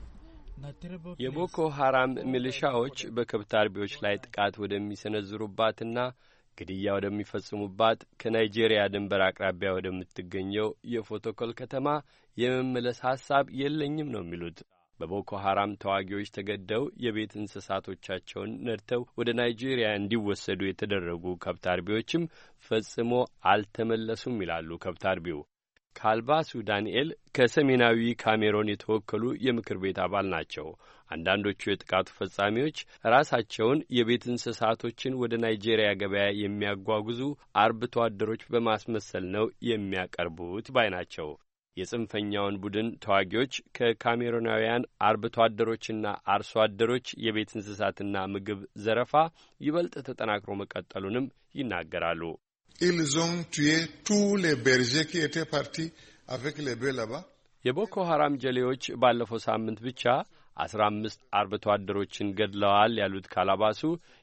የቦኮ ሐራም ሚሊሻዎች በከብት አርቢዎች ላይ ጥቃት ወደሚሰነዝሩባትና ግድያ ወደሚፈጽሙባት ከናይጄሪያ ድንበር አቅራቢያ ወደምትገኘው የፎቶኮል ከተማ የመመለስ ሐሳብ የለኝም ነው የሚሉት። በቦኮ ሐራም ተዋጊዎች ተገደው የቤት እንስሳቶቻቸውን ነድተው ወደ ናይጄሪያ እንዲወሰዱ የተደረጉ ከብት አርቢዎችም ፈጽሞ አልተመለሱም ይላሉ ከብት አርቢው። ካልባሱ ዳንኤል ከሰሜናዊ ካሜሮን የተወከሉ የምክር ቤት አባል ናቸው። አንዳንዶቹ የጥቃቱ ፈጻሚዎች ራሳቸውን የቤት እንስሳቶችን ወደ ናይጄሪያ ገበያ የሚያጓጉዙ አርብቶ አደሮች በማስመሰል ነው የሚያቀርቡት ባይ ናቸው። የጽንፈኛውን ቡድን ተዋጊዎች ከካሜሮናውያን አርብቶ አደሮችና አርሶ አደሮች የቤት እንስሳትና ምግብ ዘረፋ ይበልጥ ተጠናክሮ መቀጠሉንም ይናገራሉ። ils ont tué tous les bergers qui étaient partis avec les bœufs là-bas. የቦኮ ሐራም ጀሌዎች ባለፈው ሳምንት ብቻ አስራ አምስት አርብቶ አደሮችን ገድለዋል ያሉት ካላባሱ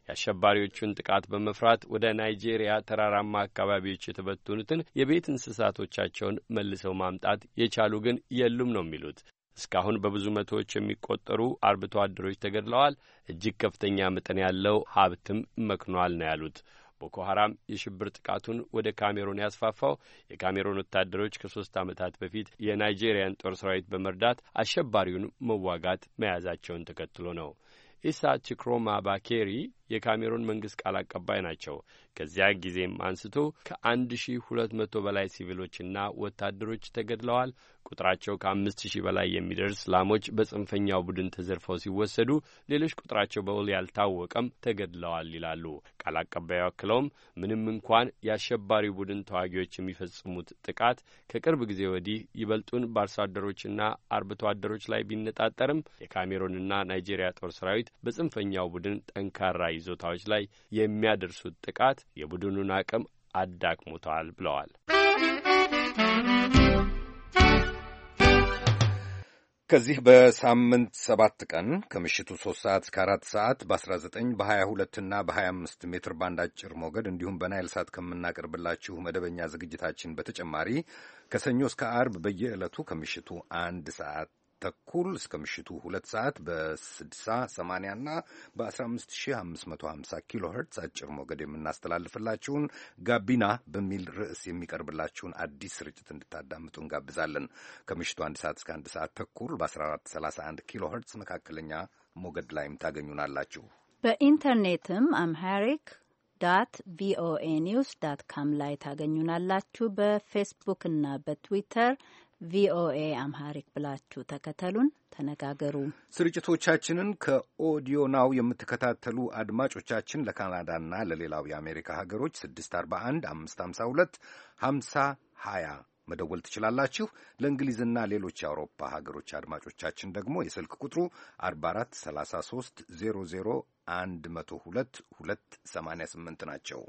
የአሸባሪዎቹን ጥቃት በመፍራት ወደ ናይጄሪያ ተራራማ አካባቢዎች የተበተኑትን የቤት እንስሳቶቻቸውን መልሰው ማምጣት የቻሉ ግን የሉም ነው የሚሉት። እስካሁን በብዙ መቶዎች የሚቆጠሩ አርብቶ አደሮች ተገድለዋል፣ እጅግ ከፍተኛ መጠን ያለው ሀብትም መክኗል ነው ያሉት። ቦኮ ሀራም የሽብር ጥቃቱን ወደ ካሜሩን ያስፋፋው የካሜሩን ወታደሮች ከሶስት ዓመታት በፊት የናይጄሪያን ጦር ሰራዊት በመርዳት አሸባሪውን መዋጋት መያዛቸውን ተከትሎ ነው። ኢሳ ቺክሮማ ባኬሪ የካሜሩን መንግሥት ቃል አቀባይ ናቸው። ከዚያ ጊዜም አንስቶ ከአንድ ሺ ሁለት መቶ በላይ ሲቪሎችና ወታደሮች ተገድለዋል። ቁጥራቸው ከአምስት ሺህ በላይ የሚደርስ ላሞች በጽንፈኛው ቡድን ተዘርፈው ሲወሰዱ ሌሎች ቁጥራቸው በውል ያልታወቀም ተገድለዋል ይላሉ ቃል አቀባዩ። አክለውም ምንም እንኳን የአሸባሪው ቡድን ተዋጊዎች የሚፈጽሙት ጥቃት ከቅርብ ጊዜ ወዲህ ይበልጡን በአርሶ አደሮችና አርብቶ አደሮች ላይ ቢነጣጠርም የካሜሮንና ናይጄሪያ ጦር ሰራዊት በጽንፈኛው ቡድን ጠንካራ ይዞታዎች ላይ የሚያደርሱት ጥቃት የቡድኑን አቅም አዳክሞተዋል ብለዋል። ከዚህ በሳምንት ሰባት ቀን ከምሽቱ ሶስት ሰዓት እስከ አራት ሰዓት በ19 በ22 እና በ25 ሜትር ባንድ አጭር ሞገድ እንዲሁም በናይል ሳት ከምናቀርብላችሁ መደበኛ ዝግጅታችን በተጨማሪ ከሰኞ እስከ አርብ በየዕለቱ ከምሽቱ አንድ ሰዓት ተኩል እስከ ምሽቱ ሁለት ሰዓት በ60 80 እና በ15550 ኪሎ ሄርትስ አጭር ሞገድ የምናስተላልፍላችሁን ጋቢና በሚል ርዕስ የሚቀርብላችሁን አዲስ ስርጭት እንድታዳምጡ እንጋብዛለን። ከምሽቱ አንድ ሰዓት እስከ አንድ ሰዓት ተኩል በ1431 ኪሎ ሄርትስ መካከለኛ ሞገድ ላይም ታገኙናላችሁ። በኢንተርኔትም አምሃሪክ ዳት ቪኦኤ ኒውስ ዳት ካም ላይ ታገኙናላችሁ። በፌስቡክ እና በትዊተር ቪኦኤ አምሃሪክ ብላችሁ ተከተሉን፣ ተነጋገሩ። ስርጭቶቻችንን ከኦዲዮ ናው የምትከታተሉ አድማጮቻችን ለካናዳና ለሌላው የአሜሪካ ሀገሮች 641 552 50 20 መደወል ትችላላችሁ። ለእንግሊዝና ሌሎች የአውሮፓ ሀገሮች አድማጮቻችን ደግሞ የስልክ ቁጥሩ 44 33 00 102 288 ናቸው።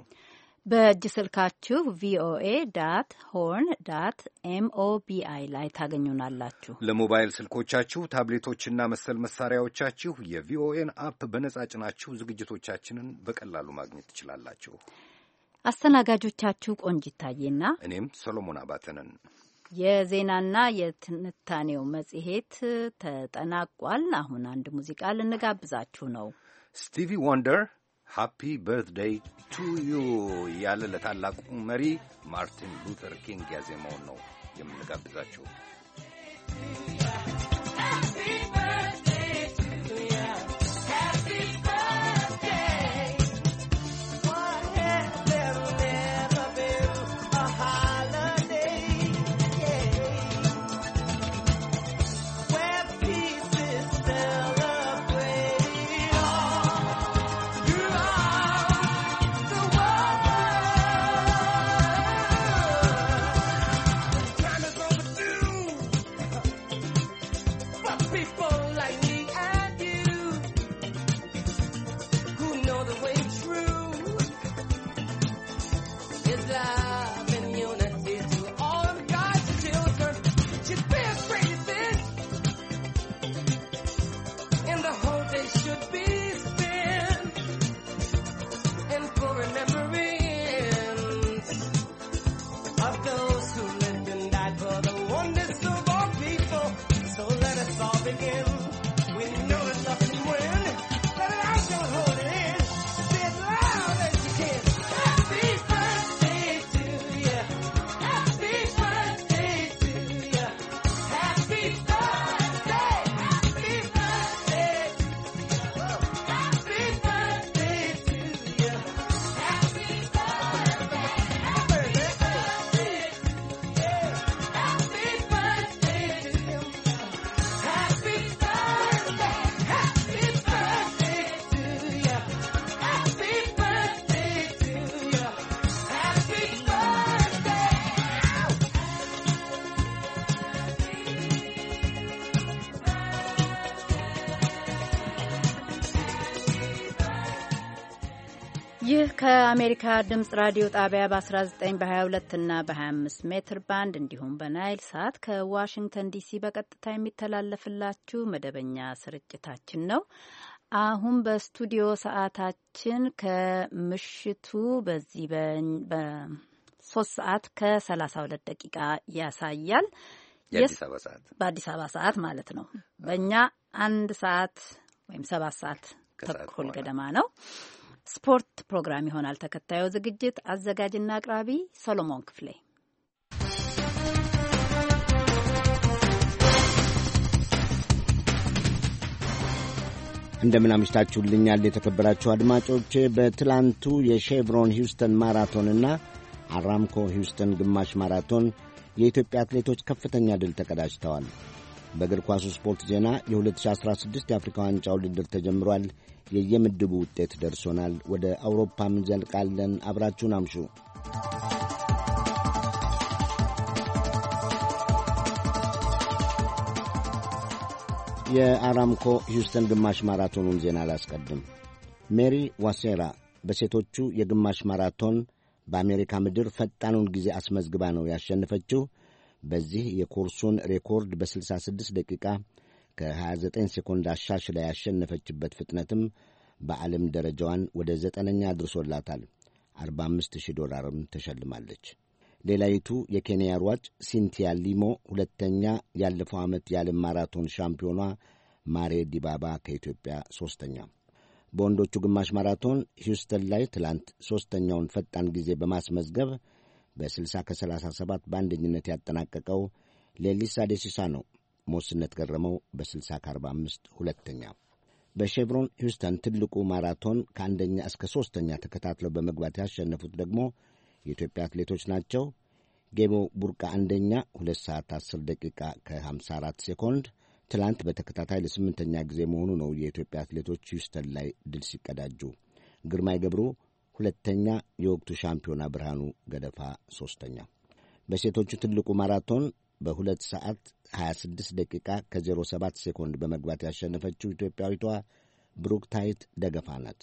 በእጅ ስልካችሁ ቪኦኤ ዳት ሆርን ዳት ኤምኦቢአይ ላይ ታገኙናላችሁ። ለሞባይል ስልኮቻችሁ ታብሌቶችና መሰል መሳሪያዎቻችሁ የቪኦኤን አፕ በነጻ ጭናችሁ ዝግጅቶቻችንን በቀላሉ ማግኘት ትችላላችሁ። አስተናጋጆቻችሁ ቆንጅ ታዬና እኔም ሰሎሞን አባተንን። የዜናና የትንታኔው መጽሔት ተጠናቋል። አሁን አንድ ሙዚቃ ልንጋብዛችሁ ነው። ስቲቪ ዋንደር ሃፒ በርትደይ ቱ ዩ እያለ ለታላቁ መሪ ማርቲን ሉተር ኪንግ ያዜመውን ነው የምንጋብዛቸው። ከአሜሪካ ድምፅ ራዲዮ ጣቢያ በ19 በ22 እና በ25 ሜትር ባንድ እንዲሁም በናይል ሳት ከዋሽንግተን ዲሲ በቀጥታ የሚተላለፍላችሁ መደበኛ ስርጭታችን ነው። አሁን በስቱዲዮ ሰዓታችን ከምሽቱ በዚህ በሶስት ሰዓት ከ32 ደቂቃ ያሳያል። በአዲስ አበባ ሰዓት ማለት ነው። በእኛ አንድ ሰዓት ወይም ሰባት ሰዓት ተኩል ገደማ ነው። ስፖርት ፕሮግራም ይሆናል ተከታዩ ዝግጅት። አዘጋጅና አቅራቢ ሰሎሞን ክፍሌ። እንደምን አምሽታችሁልኛል የተከበራችሁ አድማጮቼ። በትላንቱ የሼቭሮን ሂውስተን ማራቶንና አራምኮ ሂውስተን ግማሽ ማራቶን የኢትዮጵያ አትሌቶች ከፍተኛ ድል ተቀዳጅተዋል። በእግር ኳሱ ስፖርት ዜና የ2016 የአፍሪካ ዋንጫ ውድድር ተጀምሯል። የየምድቡ ውጤት ደርሶናል። ወደ አውሮፓም እንዘልቃለን። አብራችሁን አምሹ። የአራምኮ ሂውስተን ግማሽ ማራቶኑን ዜና አላስቀድም። ሜሪ ዋሴራ በሴቶቹ የግማሽ ማራቶን በአሜሪካ ምድር ፈጣኑን ጊዜ አስመዝግባ ነው ያሸነፈችው። በዚህ የኮርሱን ሬኮርድ በ66 ደቂቃ ከ29 ሴኮንድ አሻሽላ ያሸነፈችበት ፍጥነትም በዓለም ደረጃዋን ወደ ዘጠነኛ አድርሶላታል። 45000 ዶላርም ተሸልማለች። ሌላይቱ የኬንያ ሯጭ ሲንቲያ ሊሞ ሁለተኛ፣ ያለፈው ዓመት የዓለም ማራቶን ሻምፒዮኗ ማሬ ዲባባ ከኢትዮጵያ ሦስተኛ። በወንዶቹ ግማሽ ማራቶን ሂውስተን ላይ ትላንት ሦስተኛውን ፈጣን ጊዜ በማስመዝገብ በ60 ከ37 በአንደኝነት ያጠናቀቀው ሌሊሳ ደሲሳ ነው። ሞስነት ገረመው በ60 ከ45 ሁለተኛ። በሼቭሮን ሂውስተን ትልቁ ማራቶን ከአንደኛ እስከ ሦስተኛ ተከታትለው በመግባት ያሸነፉት ደግሞ የኢትዮጵያ አትሌቶች ናቸው። ጌቦ ቡርቃ አንደኛ 2 ሰዓት 10 ደቂቃ ከ54 ሴኮንድ። ትላንት በተከታታይ ለስምንተኛ ጊዜ መሆኑ ነው የኢትዮጵያ አትሌቶች ሂውስተን ላይ ድል ሲቀዳጁ። ግርማይ ገብሩ ሁለተኛ፣ የወቅቱ ሻምፒዮና ብርሃኑ ገደፋ ሦስተኛ። በሴቶቹ ትልቁ ማራቶን በሁለት ሰዓት 26 ደቂቃ ከ07 ሴኮንድ በመግባት ያሸነፈችው ኢትዮጵያዊቷ ብሩክታይት ደገፋ ናት።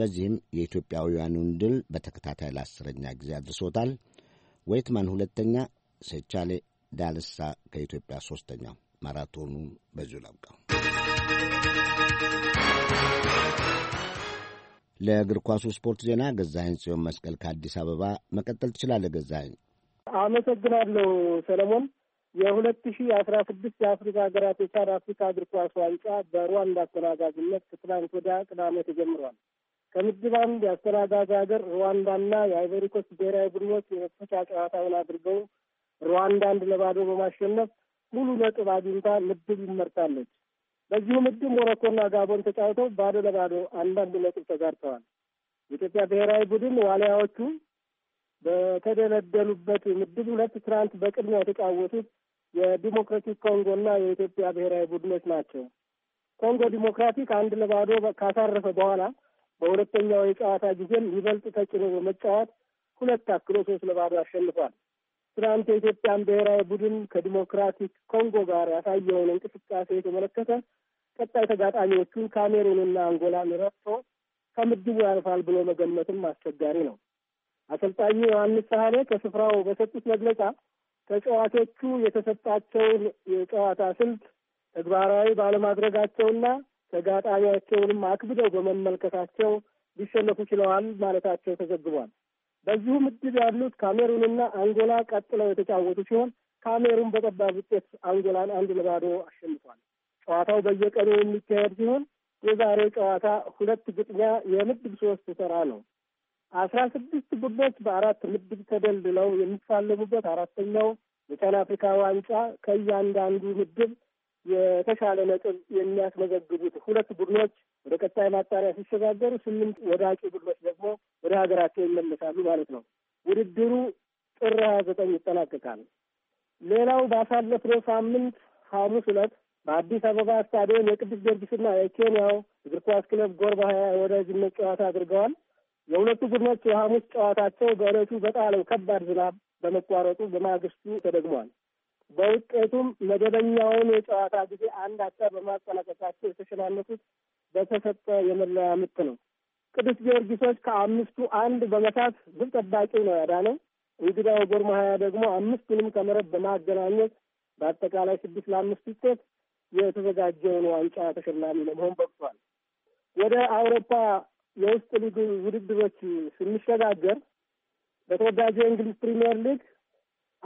በዚህም የኢትዮጵያውያኑን ድል በተከታታይ ለአስረኛ ጊዜ አድርሶታል። ወይትማን ሁለተኛ፣ ሴቻሌ ዳልሳ ከኢትዮጵያ ሦስተኛ። ማራቶኑ በዚሁ ላብቃ። ለእግር ኳሱ ስፖርት ዜና ገዛኸኝ ጽዮን መስቀል ከአዲስ አበባ። መቀጠል ትችላለህ ገዛኸኝ። አመሰግናለሁ ሰለሞን። የሁለት ሺ አስራ ስድስት የአፍሪካ ሀገራት የቻን አፍሪካ እግር ኳስ ዋንጫ በሩዋንዳ አስተናጋጅነት ከትናንት ወዲያ ቅዳሜ ተጀምሯል። ከምድብ አንድ የአስተናጋጅ ሀገር ሩዋንዳና የአይቨሪኮስት ብሔራዊ ቡድኖች የመክፈቻ ጨዋታውን አድርገው ሩዋንዳ አንድ ለባዶ በማሸነፍ ሙሉ ነጥብ አግኝታ ምድብ ይመርታለች። በዚሁ ምድብ ሞሮኮና ጋቦን ተጫውተው ባዶ ለባዶ አንዳንድ ነጥብ ተጋርተዋል። የኢትዮጵያ ብሔራዊ ቡድን ዋልያዎቹ በተደለደሉበት ምድብ ሁለት ትናንት በቅድሚያ የተጫወቱት የዲሞክራቲክ ኮንጎ ኮንጎና የኢትዮጵያ ብሔራዊ ቡድኖች ናቸው። ኮንጎ ዲሞክራቲክ አንድ ለባዶ ካሳረፈ በኋላ በሁለተኛው የጨዋታ ጊዜም ይበልጥ ተጭኖ በመጫወት ሁለት አክሎ ሶስት ለባዶ አሸንፏል። ትናንት የኢትዮጵያን ብሔራዊ ቡድን ከዲሞክራቲክ ኮንጎ ጋር ያሳየውን እንቅስቃሴ የተመለከተ ቀጣይ ተጋጣሚዎቹን ካሜሩንና አንጎላን ረትቶ ከምድቡ ያልፋል ብሎ መገመትም አስቸጋሪ ነው። አሰልጣኙ ዮሐንስ ሳህሌ ከስፍራው በሰጡት መግለጫ ተጫዋቾቹ የተሰጣቸውን የጨዋታ ስልት ተግባራዊ ባለማድረጋቸውና ተጋጣሚያቸውንም አክብደው በመመልከታቸው ሊሸነፉ ችለዋል ማለታቸው ተዘግቧል። በዚሁ ምድብ ያሉት ካሜሩንና አንጎላ ቀጥለው የተጫወቱ ሲሆን ካሜሩን በጠባብ ውጤት አንጎላን አንድ ለባዶ አሸንፏል። ጨዋታው በየቀኑ የሚካሄድ ሲሆን የዛሬው ጨዋታ ሁለት ግጥሚያ የምድብ ሶስት ስራ ነው። አስራ ስድስት ቡድኖች በአራት ምድብ ተደልድለው የሚፋለሙበት አራተኛው የፓን አፍሪካ ዋንጫ ከእያንዳንዱ ምድብ የተሻለ ነጥብ የሚያስመዘግቡት ሁለት ቡድኖች ወደ ቀጣይ ማጣሪያ ሲሸጋገሩ፣ ስምንት ወዳቂ ቡድኖች ደግሞ ወደ ሀገራቸው ይመለሳሉ ማለት ነው። ውድድሩ ጥር ሀያ ዘጠኝ ይጠናቀቃል። ሌላው ባሳለፍነው ሳምንት ሐሙስ ዕለት በአዲስ አበባ ስታዲየም የቅዱስ ጊዮርጊስና የኬንያው እግር ኳስ ክለብ ጎር ማህያ የወዳጅነት ጨዋታ አድርገዋል። የሁለቱ ቡድኖች የሐሙስ ጨዋታቸው በዕለቱ በጣለው ከባድ ዝናብ በመቋረጡ በማግስቱ ተደግሟል። በውጤቱም መደበኛውን የጨዋታ ጊዜ አንድ አቻ በማጠናቀቃቸው የተሸናነፉት በተሰጠ የመለያ ምት ነው። ቅዱስ ጊዮርጊሶች ከአምስቱ አንድ በመታት ግብ ጠባቂው ነው ያዳነው። እንግዳው ጎርማያ ደግሞ አምስቱንም ከመረብ በማገናኘት በአጠቃላይ ስድስት ለአምስት ውጤት የተዘጋጀውን ዋንጫ ተሸላሚ ለመሆን በቅቷል። ወደ አውሮፓ የውስጥ ሊግ ውድድሮች ስንሸጋገር በተወዳጁ የእንግሊዝ ፕሪሚየር ሊግ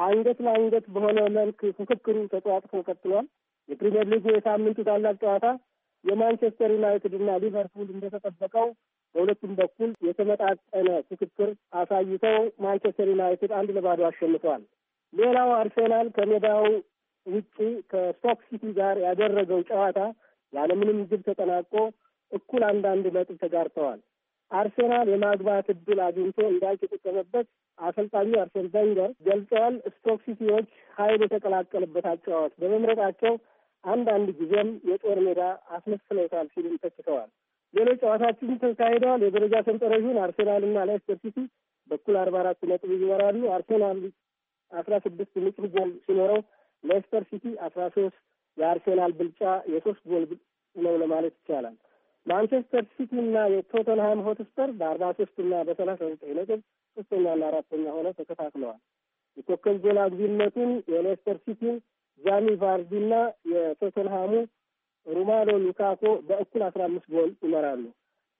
አንገት ለአንገት በሆነ መልክ ፉክክሩ ተጧጥፎ ቀጥሏል። የፕሪምየር ሊጉ የሳምንቱ ታላቅ ጨዋታ የማንቸስተር ዩናይትድ እና ሊቨርፑል እንደተጠበቀው በሁለቱም በኩል የተመጣጠነ ፉክክር አሳይተው ማንቸስተር ዩናይትድ አንድ ለባዶ አሸንፏል። ሌላው አርሴናል ከሜዳው ውጪ ከስቶክ ሲቲ ጋር ያደረገው ጨዋታ ያለምንም ግብ ተጠናቆ እኩል አንዳንድ ነጥብ ተጋርተዋል። አርሴናል የማግባት እድል አግኝቶ እንዳልተጠቀመበት አሰልጣኙ አርሴን ቬንገር ገልጸዋል። ስቶክ ሲቲዎች ኃይል የተቀላቀለበት አጫዋች በመምረጣቸው አንዳንድ ጊዜም የጦር ሜዳ አስመስለውታል ሲሉም ተችተዋል። ሌሎች ጨዋታችን ተካሂደዋል። የደረጃ ሰንጠረዡን አርሴናልና ሌስተር ሲቲ በኩል አርባ አራት ነጥብ ይመራሉ። አርሴናል አስራ ስድስት ንጹህ ጎል ሲኖረው ሌስተር ሲቲ አስራ ሶስት የአርሴናል ብልጫ የሶስት ጎል ነው ለማለት ይቻላል። ማንቸስተር ሲቲ እና የቶተንሃም ሆትስፐር በአርባ ሶስት እና በሰላሳ ዘጠኝ ነጥብ ሶስተኛ ሶስተኛና አራተኛ ሆነው ተከታትለዋል። የኮከብ ጎል አግቢነቱን የሌስተር ሲቲን ጃሚ ቫርዲ እና የቶተንሃሙ ሩማሎ ሉካኮ በእኩል አስራ አምስት ጎል ይመራሉ።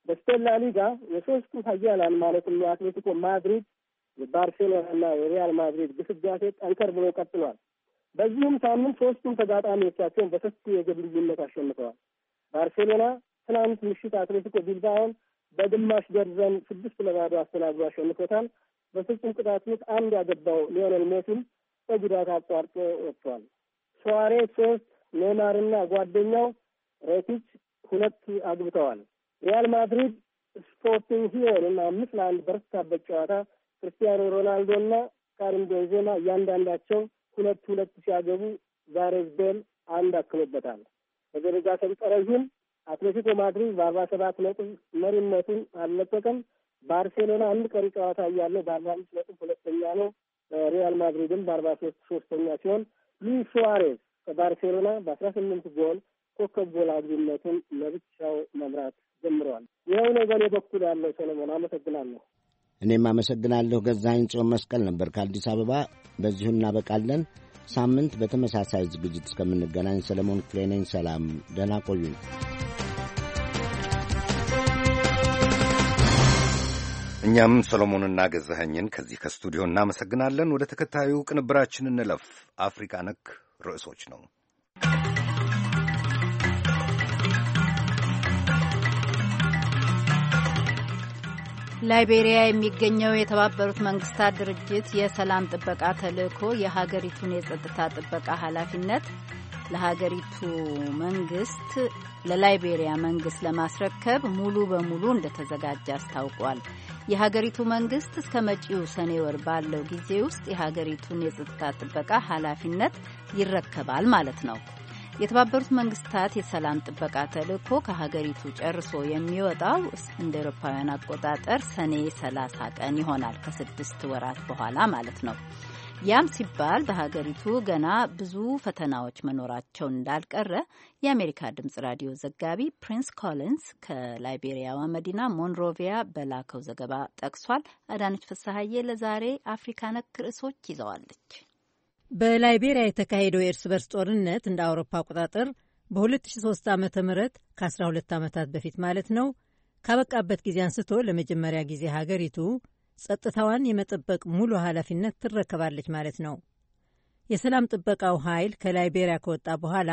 በስፔላ ሊጋ የሶስቱ ሀያላን ማለትም የአትሌቲኮ ማድሪድ የባርሴሎና እና የሪያል ማድሪድ ግስጋሴ ጠንከር ብሎ ቀጥሏል። በዚህም ሳምንት ሶስቱም ተጋጣሚዎቻቸውን በሰፊ የግብ ልዩነት አሸንፈዋል። ባርሴሎና ትናንት ምሽት አትሌቲኮ ቢልባኦን በግማሽ ደርዘን ስድስት ለባዶ አስተናግዶ አሸንፎታል። በፍጹም ቅጣት ምት አንድ ያገባው ሊዮኔል ሜሲም በጉዳት አቋርጦ ወጥቷል። ሱዋሬዝ ሶስት፣ ኔይማርና ጓደኛው ሬቲች ሁለት አግብተዋል። ሪያል ማድሪድ ስፖርቲንግ ሂዮንን አምስት ለአንድ በረታበት ጨዋታ ክርስቲያኖ ሮናልዶና ካሪም ቤንዜማ እያንዳንዳቸው ሁለት ሁለት ሲያገቡ ዛሬዝ ቤል አንድ አክሎበታል። በደረጃ ሰንጠረዡም አትሌቲኮ ማድሪድ በአርባ ሰባት ነጥብ መሪነቱን አልለቀቀም። ባርሴሎና አንድ ቀሪ ጨዋታ እያለው በአርባ አምስት ነጥብ ሁለተኛ ነው። ሪያል ማድሪድም በአርባ ሶስት ሶስተኛ ሲሆን ሉዊስ ሱዋሬዝ ከባርሴሎና በአስራ ስምንት ጎል ኮከብ ጎል አግቢነቱን ለብቻው መምራት ጀምረዋል። ይኸው ነው በእኔ በኩል ያለው። ሰለሞን አመሰግናለሁ። እኔም አመሰግናለሁ። ገዛኸኝ ጽዮን መስቀል ነበር ከአዲስ አበባ። በዚሁ እናበቃለን። ሳምንት በተመሳሳይ ዝግጅት እስከምንገናኝ ሰለሞን ክፍሌ ነኝ። ሰላም፣ ደህና ቆዩ እኛም ሰሎሞንና ገዛኸኝን ከዚህ ከስቱዲዮ እናመሰግናለን። ወደ ተከታዩ ቅንብራችን እንለፍ። አፍሪካ ነክ ርዕሶች ነው። ላይቤሪያ የሚገኘው የተባበሩት መንግስታት ድርጅት የሰላም ጥበቃ ተልዕኮ የሀገሪቱን የጸጥታ ጥበቃ ኃላፊነት ለሀገሪቱ መንግስት ለላይቤሪያ መንግስት ለማስረከብ ሙሉ በሙሉ እንደተዘጋጀ አስታውቋል። የሀገሪቱ መንግስት እስከ መጪው ሰኔ ወር ባለው ጊዜ ውስጥ የሀገሪቱን የጸጥታ ጥበቃ ኃላፊነት ይረከባል ማለት ነው። የተባበሩት መንግስታት የሰላም ጥበቃ ተልእኮ ከሀገሪቱ ጨርሶ የሚወጣው እንደ ኤሮፓውያን አቆጣጠር ሰኔ 30 ቀን ይሆናል። ከስድስት ወራት በኋላ ማለት ነው። ያም ሲባል በሀገሪቱ ገና ብዙ ፈተናዎች መኖራቸው እንዳልቀረ የአሜሪካ ድምጽ ራዲዮ ዘጋቢ ፕሪንስ ኮሊንስ ከላይቤሪያዋ መዲና ሞንሮቪያ በላከው ዘገባ ጠቅሷል። አዳነች ፍስሀዬ ለዛሬ አፍሪካ ነክ ርዕሶች ይዘዋለች። በላይቤሪያ የተካሄደው የእርስ በርስ ጦርነት እንደ አውሮፓ አቆጣጠር በ2003 ዓ ም ከ12 ዓመታት በፊት ማለት ነው ካበቃበት ጊዜ አንስቶ ለመጀመሪያ ጊዜ ሀገሪቱ ጸጥታዋን የመጠበቅ ሙሉ ኃላፊነት ትረከባለች ማለት ነው። የሰላም ጥበቃው ኃይል ከላይቤሪያ ከወጣ በኋላ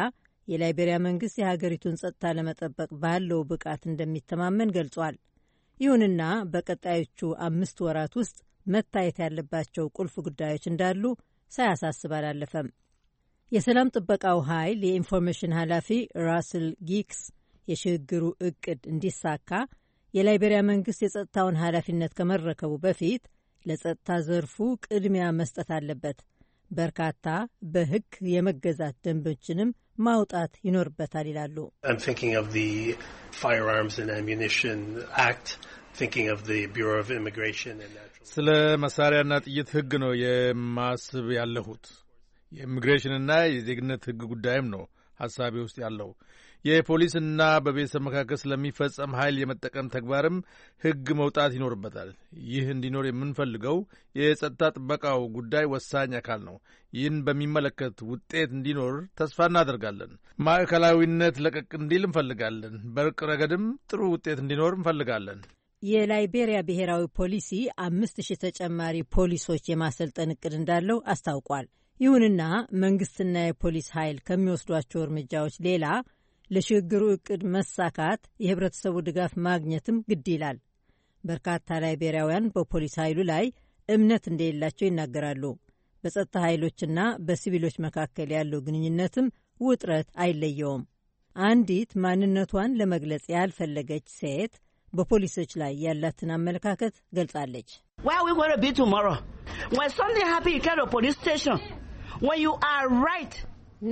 የላይቤሪያ መንግሥት የሀገሪቱን ጸጥታ ለመጠበቅ ባለው ብቃት እንደሚተማመን ገልጿል። ይሁንና በቀጣዮቹ አምስት ወራት ውስጥ መታየት ያለባቸው ቁልፍ ጉዳዮች እንዳሉ ሳያሳስብ አላለፈም። የሰላም ጥበቃው ኃይል የኢንፎርሜሽን ኃላፊ ራስል ጊክስ የሽግግሩ እቅድ እንዲሳካ የላይቤሪያ መንግስት የጸጥታውን ኃላፊነት ከመረከቡ በፊት ለጸጥታ ዘርፉ ቅድሚያ መስጠት አለበት፣ በርካታ በሕግ የመገዛት ደንቦችንም ማውጣት ይኖርበታል ይላሉ። ስለ መሳሪያና ጥይት ህግ ነው የማስብ ያለሁት። የኢሚግሬሽንና የዜግነት ህግ ጉዳይም ነው ሐሳቤ ውስጥ ያለው። የፖሊስና በቤተሰብ መካከል ስለሚፈጸም ኃይል የመጠቀም ተግባርም ህግ መውጣት ይኖርበታል። ይህ እንዲኖር የምንፈልገው የጸጥታ ጥበቃው ጉዳይ ወሳኝ አካል ነው። ይህን በሚመለከት ውጤት እንዲኖር ተስፋ እናደርጋለን። ማዕከላዊነት ለቀቅ እንዲል እንፈልጋለን። በርቅ ረገድም ጥሩ ውጤት እንዲኖር እንፈልጋለን። የላይቤሪያ ብሔራዊ ፖሊሲ አምስት ሺህ ተጨማሪ ፖሊሶች የማሰልጠን እቅድ እንዳለው አስታውቋል። ይሁንና መንግስትና የፖሊስ ኃይል ከሚወስዷቸው እርምጃዎች ሌላ ለሽግግሩ እቅድ መሳካት የህብረተሰቡ ድጋፍ ማግኘትም ግድ ይላል። በርካታ ላይቤሪያውያን በፖሊስ ኃይሉ ላይ እምነት እንደሌላቸው ይናገራሉ። በጸጥታ ኃይሎችና በሲቪሎች መካከል ያለው ግንኙነትም ውጥረት አይለየውም። አንዲት ማንነቷን ለመግለጽ ያልፈለገች ሴት በፖሊሶች ላይ ያላትን አመለካከት ገልጻለች።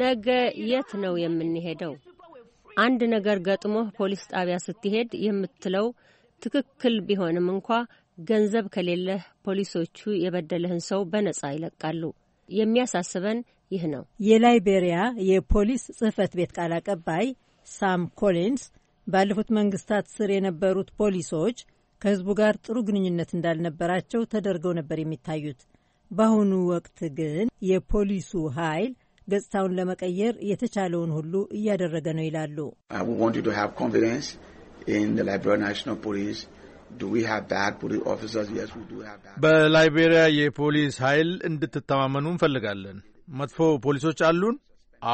ነገ የት ነው የምንሄደው? አንድ ነገር ገጥሞህ ፖሊስ ጣቢያ ስትሄድ የምትለው ትክክል ቢሆንም እንኳ ገንዘብ ከሌለህ ፖሊሶቹ የበደለህን ሰው በነጻ ይለቃሉ። የሚያሳስበን ይህ ነው። የላይቤሪያ የፖሊስ ጽህፈት ቤት ቃል አቀባይ ሳም ኮሊንስ ባለፉት መንግስታት ስር የነበሩት ፖሊሶች ከህዝቡ ጋር ጥሩ ግንኙነት እንዳልነበራቸው ተደርገው ነበር የሚታዩት። በአሁኑ ወቅት ግን የፖሊሱ ኃይል ገጽታውን ለመቀየር የተቻለውን ሁሉ እያደረገ ነው ይላሉ። በላይቤሪያ የፖሊስ ኃይል እንድትተማመኑ እንፈልጋለን። መጥፎ ፖሊሶች አሉን?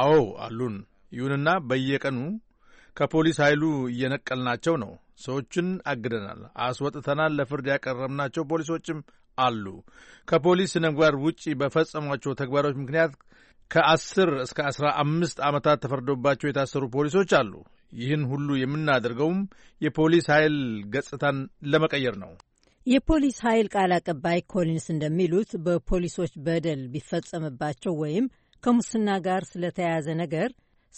አዎ አሉን። ይሁንና በየቀኑ ከፖሊስ ኃይሉ እየነቀልናቸው ነው። ሰዎችን አግደናል፣ አስወጥተናል። ለፍርድ ያቀረብናቸው ፖሊሶችም አሉ። ከፖሊስ ስነምግባር ውጪ በፈጸሟቸው ተግባሮች ምክንያት ከአስር እስከ አስራ አምስት ዓመታት ተፈርዶባቸው የታሰሩ ፖሊሶች አሉ። ይህን ሁሉ የምናደርገውም የፖሊስ ኃይል ገጽታን ለመቀየር ነው። የፖሊስ ኃይል ቃል አቀባይ ኮሊንስ እንደሚሉት በፖሊሶች በደል ቢፈጸምባቸው ወይም ከሙስና ጋር ስለተያያዘ ነገር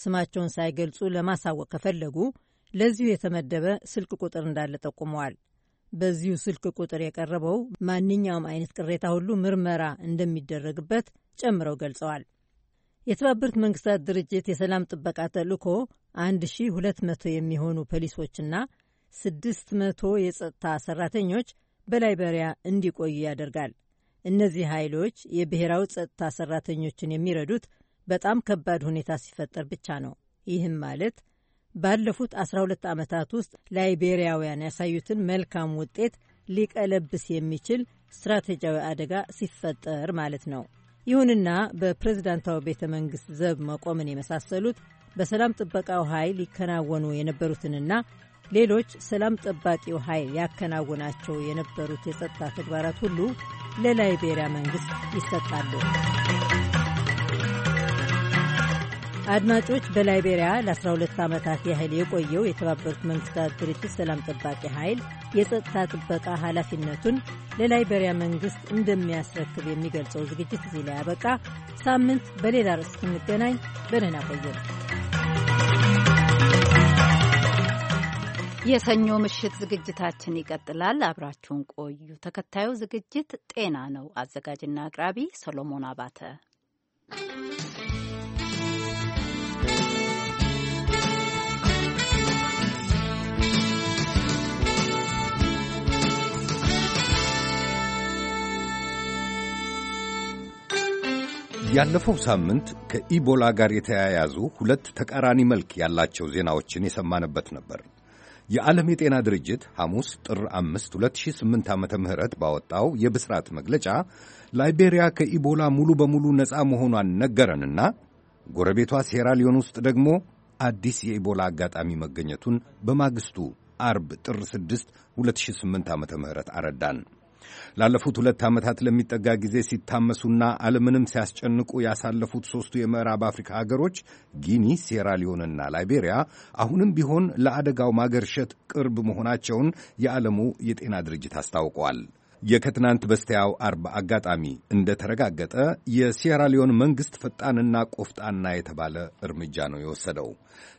ስማቸውን ሳይገልጹ ለማሳወቅ ከፈለጉ ለዚሁ የተመደበ ስልክ ቁጥር እንዳለ ጠቁመዋል። በዚሁ ስልክ ቁጥር የቀረበው ማንኛውም አይነት ቅሬታ ሁሉ ምርመራ እንደሚደረግበት ጨምረው ገልጸዋል። የተባበሩት መንግስታት ድርጅት የሰላም ጥበቃ ተልእኮ 1200 የሚሆኑ ፖሊሶችና 600 የጸጥታ ሰራተኞች በላይበሪያ እንዲቆዩ ያደርጋል። እነዚህ ኃይሎች የብሔራዊ ጸጥታ ሰራተኞችን የሚረዱት በጣም ከባድ ሁኔታ ሲፈጠር ብቻ ነው። ይህም ማለት ባለፉት 12 ዓመታት ውስጥ ላይቤሪያውያን ያሳዩትን መልካም ውጤት ሊቀለብስ የሚችል ስትራቴጂያዊ አደጋ ሲፈጠር ማለት ነው። ይሁንና በፕሬዝዳንታዊ ቤተ መንግሥት ዘብ መቆምን የመሳሰሉት በሰላም ጥበቃው ኃይል ይከናወኑ የነበሩትንና ሌሎች ሰላም ጠባቂው ኃይል ያከናውናቸው የነበሩት የጸጥታ ተግባራት ሁሉ ለላይቤሪያ መንግሥት ይሰጣሉ። አድማጮች በላይቤሪያ ለ12 ዓመታት ያህል የቆየው የተባበሩት መንግስታት ድርጅት ሰላም ጠባቂ ኃይል የጸጥታ ጥበቃ ኃላፊነቱን ለላይቤሪያ መንግስት እንደሚያስረክብ የሚገልጸው ዝግጅት እዚህ ላይ ያበቃ። ሳምንት በሌላ ርዕስ ስንገናኝ በደህና ቆየን። የሰኞ ምሽት ዝግጅታችን ይቀጥላል። አብራችሁን ቆዩ። ተከታዩ ዝግጅት ጤና ነው። አዘጋጅና አቅራቢ ሰሎሞን አባተ ያለፈው ሳምንት ከኢቦላ ጋር የተያያዙ ሁለት ተቃራኒ መልክ ያላቸው ዜናዎችን የሰማንበት ነበር። የዓለም የጤና ድርጅት ሐሙስ ጥር 5 2008 ዓ ም ባወጣው የብስራት መግለጫ ላይቤሪያ ከኢቦላ ሙሉ በሙሉ ነፃ መሆኗን ነገረንና ጎረቤቷ ሴራሊዮን ውስጥ ደግሞ አዲስ የኢቦላ አጋጣሚ መገኘቱን በማግስቱ አርብ ጥር 6 2008 ዓ ም አረዳን። ላለፉት ሁለት ዓመታት ለሚጠጋ ጊዜ ሲታመሱና ዓለምንም ሲያስጨንቁ ያሳለፉት ሦስቱ የምዕራብ አፍሪካ ሀገሮች ጊኒ፣ ሴራሊዮንና ላይቤሪያ አሁንም ቢሆን ለአደጋው ማገርሸት ቅርብ መሆናቸውን የዓለሙ የጤና ድርጅት አስታውቋል። የከትናንት በስቲያው አርብ አጋጣሚ እንደተረጋገጠ የሲየራሊዮን መንግሥት ፈጣንና ቆፍጣና የተባለ እርምጃ ነው የወሰደው።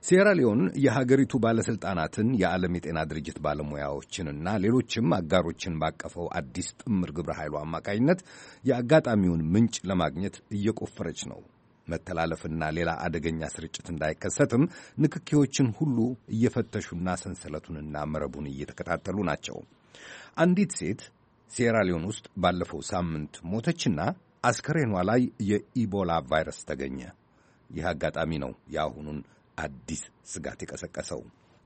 ሲየራሊዮን የሀገሪቱ ባለሥልጣናትን፣ የዓለም የጤና ድርጅት ባለሙያዎችንና ሌሎችም አጋሮችን ባቀፈው አዲስ ጥምር ግብረ ኃይሉ አማካኝነት የአጋጣሚውን ምንጭ ለማግኘት እየቆፈረች ነው። መተላለፍና ሌላ አደገኛ ስርጭት እንዳይከሰትም ንክኪዎችን ሁሉ እየፈተሹና ሰንሰለቱንና መረቡን እየተከታተሉ ናቸው። አንዲት ሴት ሴራሊዮን ውስጥ ባለፈው ሳምንት ሞተችና አስከሬኗ ላይ የኢቦላ ቫይረስ ተገኘ። ይህ አጋጣሚ ነው የአሁኑን አዲስ ስጋት የቀሰቀሰው።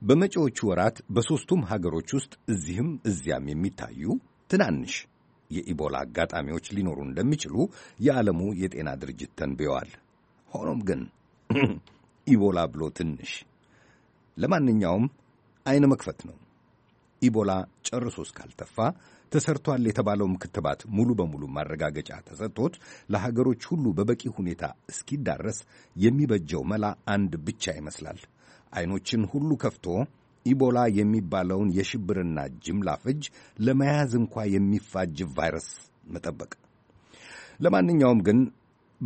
በመጪዎቹ ወራት በሦስቱም ሀገሮች ውስጥ እዚህም እዚያም የሚታዩ ትናንሽ የኢቦላ አጋጣሚዎች ሊኖሩ እንደሚችሉ የዓለሙ የጤና ድርጅት ተንብየዋል። ሆኖም ግን ኢቦላ ብሎ ትንሽ ለማንኛውም አይነ መክፈት ነው። ኢቦላ ጨርሶ እስካልተፋ ተሰርቷል የተባለውም ክትባት ሙሉ በሙሉ ማረጋገጫ ተሰጥቶት ለሀገሮች ሁሉ በበቂ ሁኔታ እስኪዳረስ የሚበጀው መላ አንድ ብቻ ይመስላል። አይኖችን ሁሉ ከፍቶ ኢቦላ የሚባለውን የሽብርና ጅምላ ፍጅ ለመያዝ እንኳ የሚፋጅ ቫይረስ መጠበቅ። ለማንኛውም ግን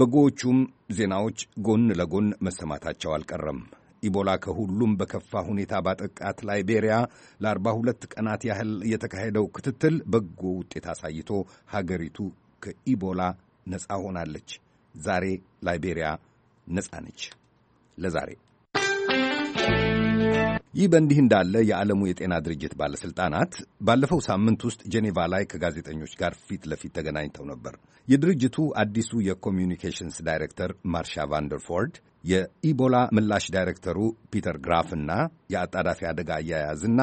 በጎዎቹም ዜናዎች ጎን ለጎን መሰማታቸው አልቀረም። ኢቦላ ከሁሉም በከፋ ሁኔታ ባጠቃት ላይቤሪያ ለ42 ቀናት ያህል የተካሄደው ክትትል በጎ ውጤት አሳይቶ ሀገሪቱ ከኢቦላ ነፃ ሆናለች። ዛሬ ላይቤሪያ ነፃ ነች። ለዛሬ ይህ በእንዲህ እንዳለ የዓለሙ የጤና ድርጅት ባለሥልጣናት ባለፈው ሳምንት ውስጥ ጄኔቫ ላይ ከጋዜጠኞች ጋር ፊት ለፊት ተገናኝተው ነበር። የድርጅቱ አዲሱ የኮሚኒኬሽንስ ዳይሬክተር ማርሻ ቫንደርፎርድ፣ የኢቦላ ምላሽ ዳይሬክተሩ ፒተር ግራፍ የአጣዳፊ አደጋ አያያዝና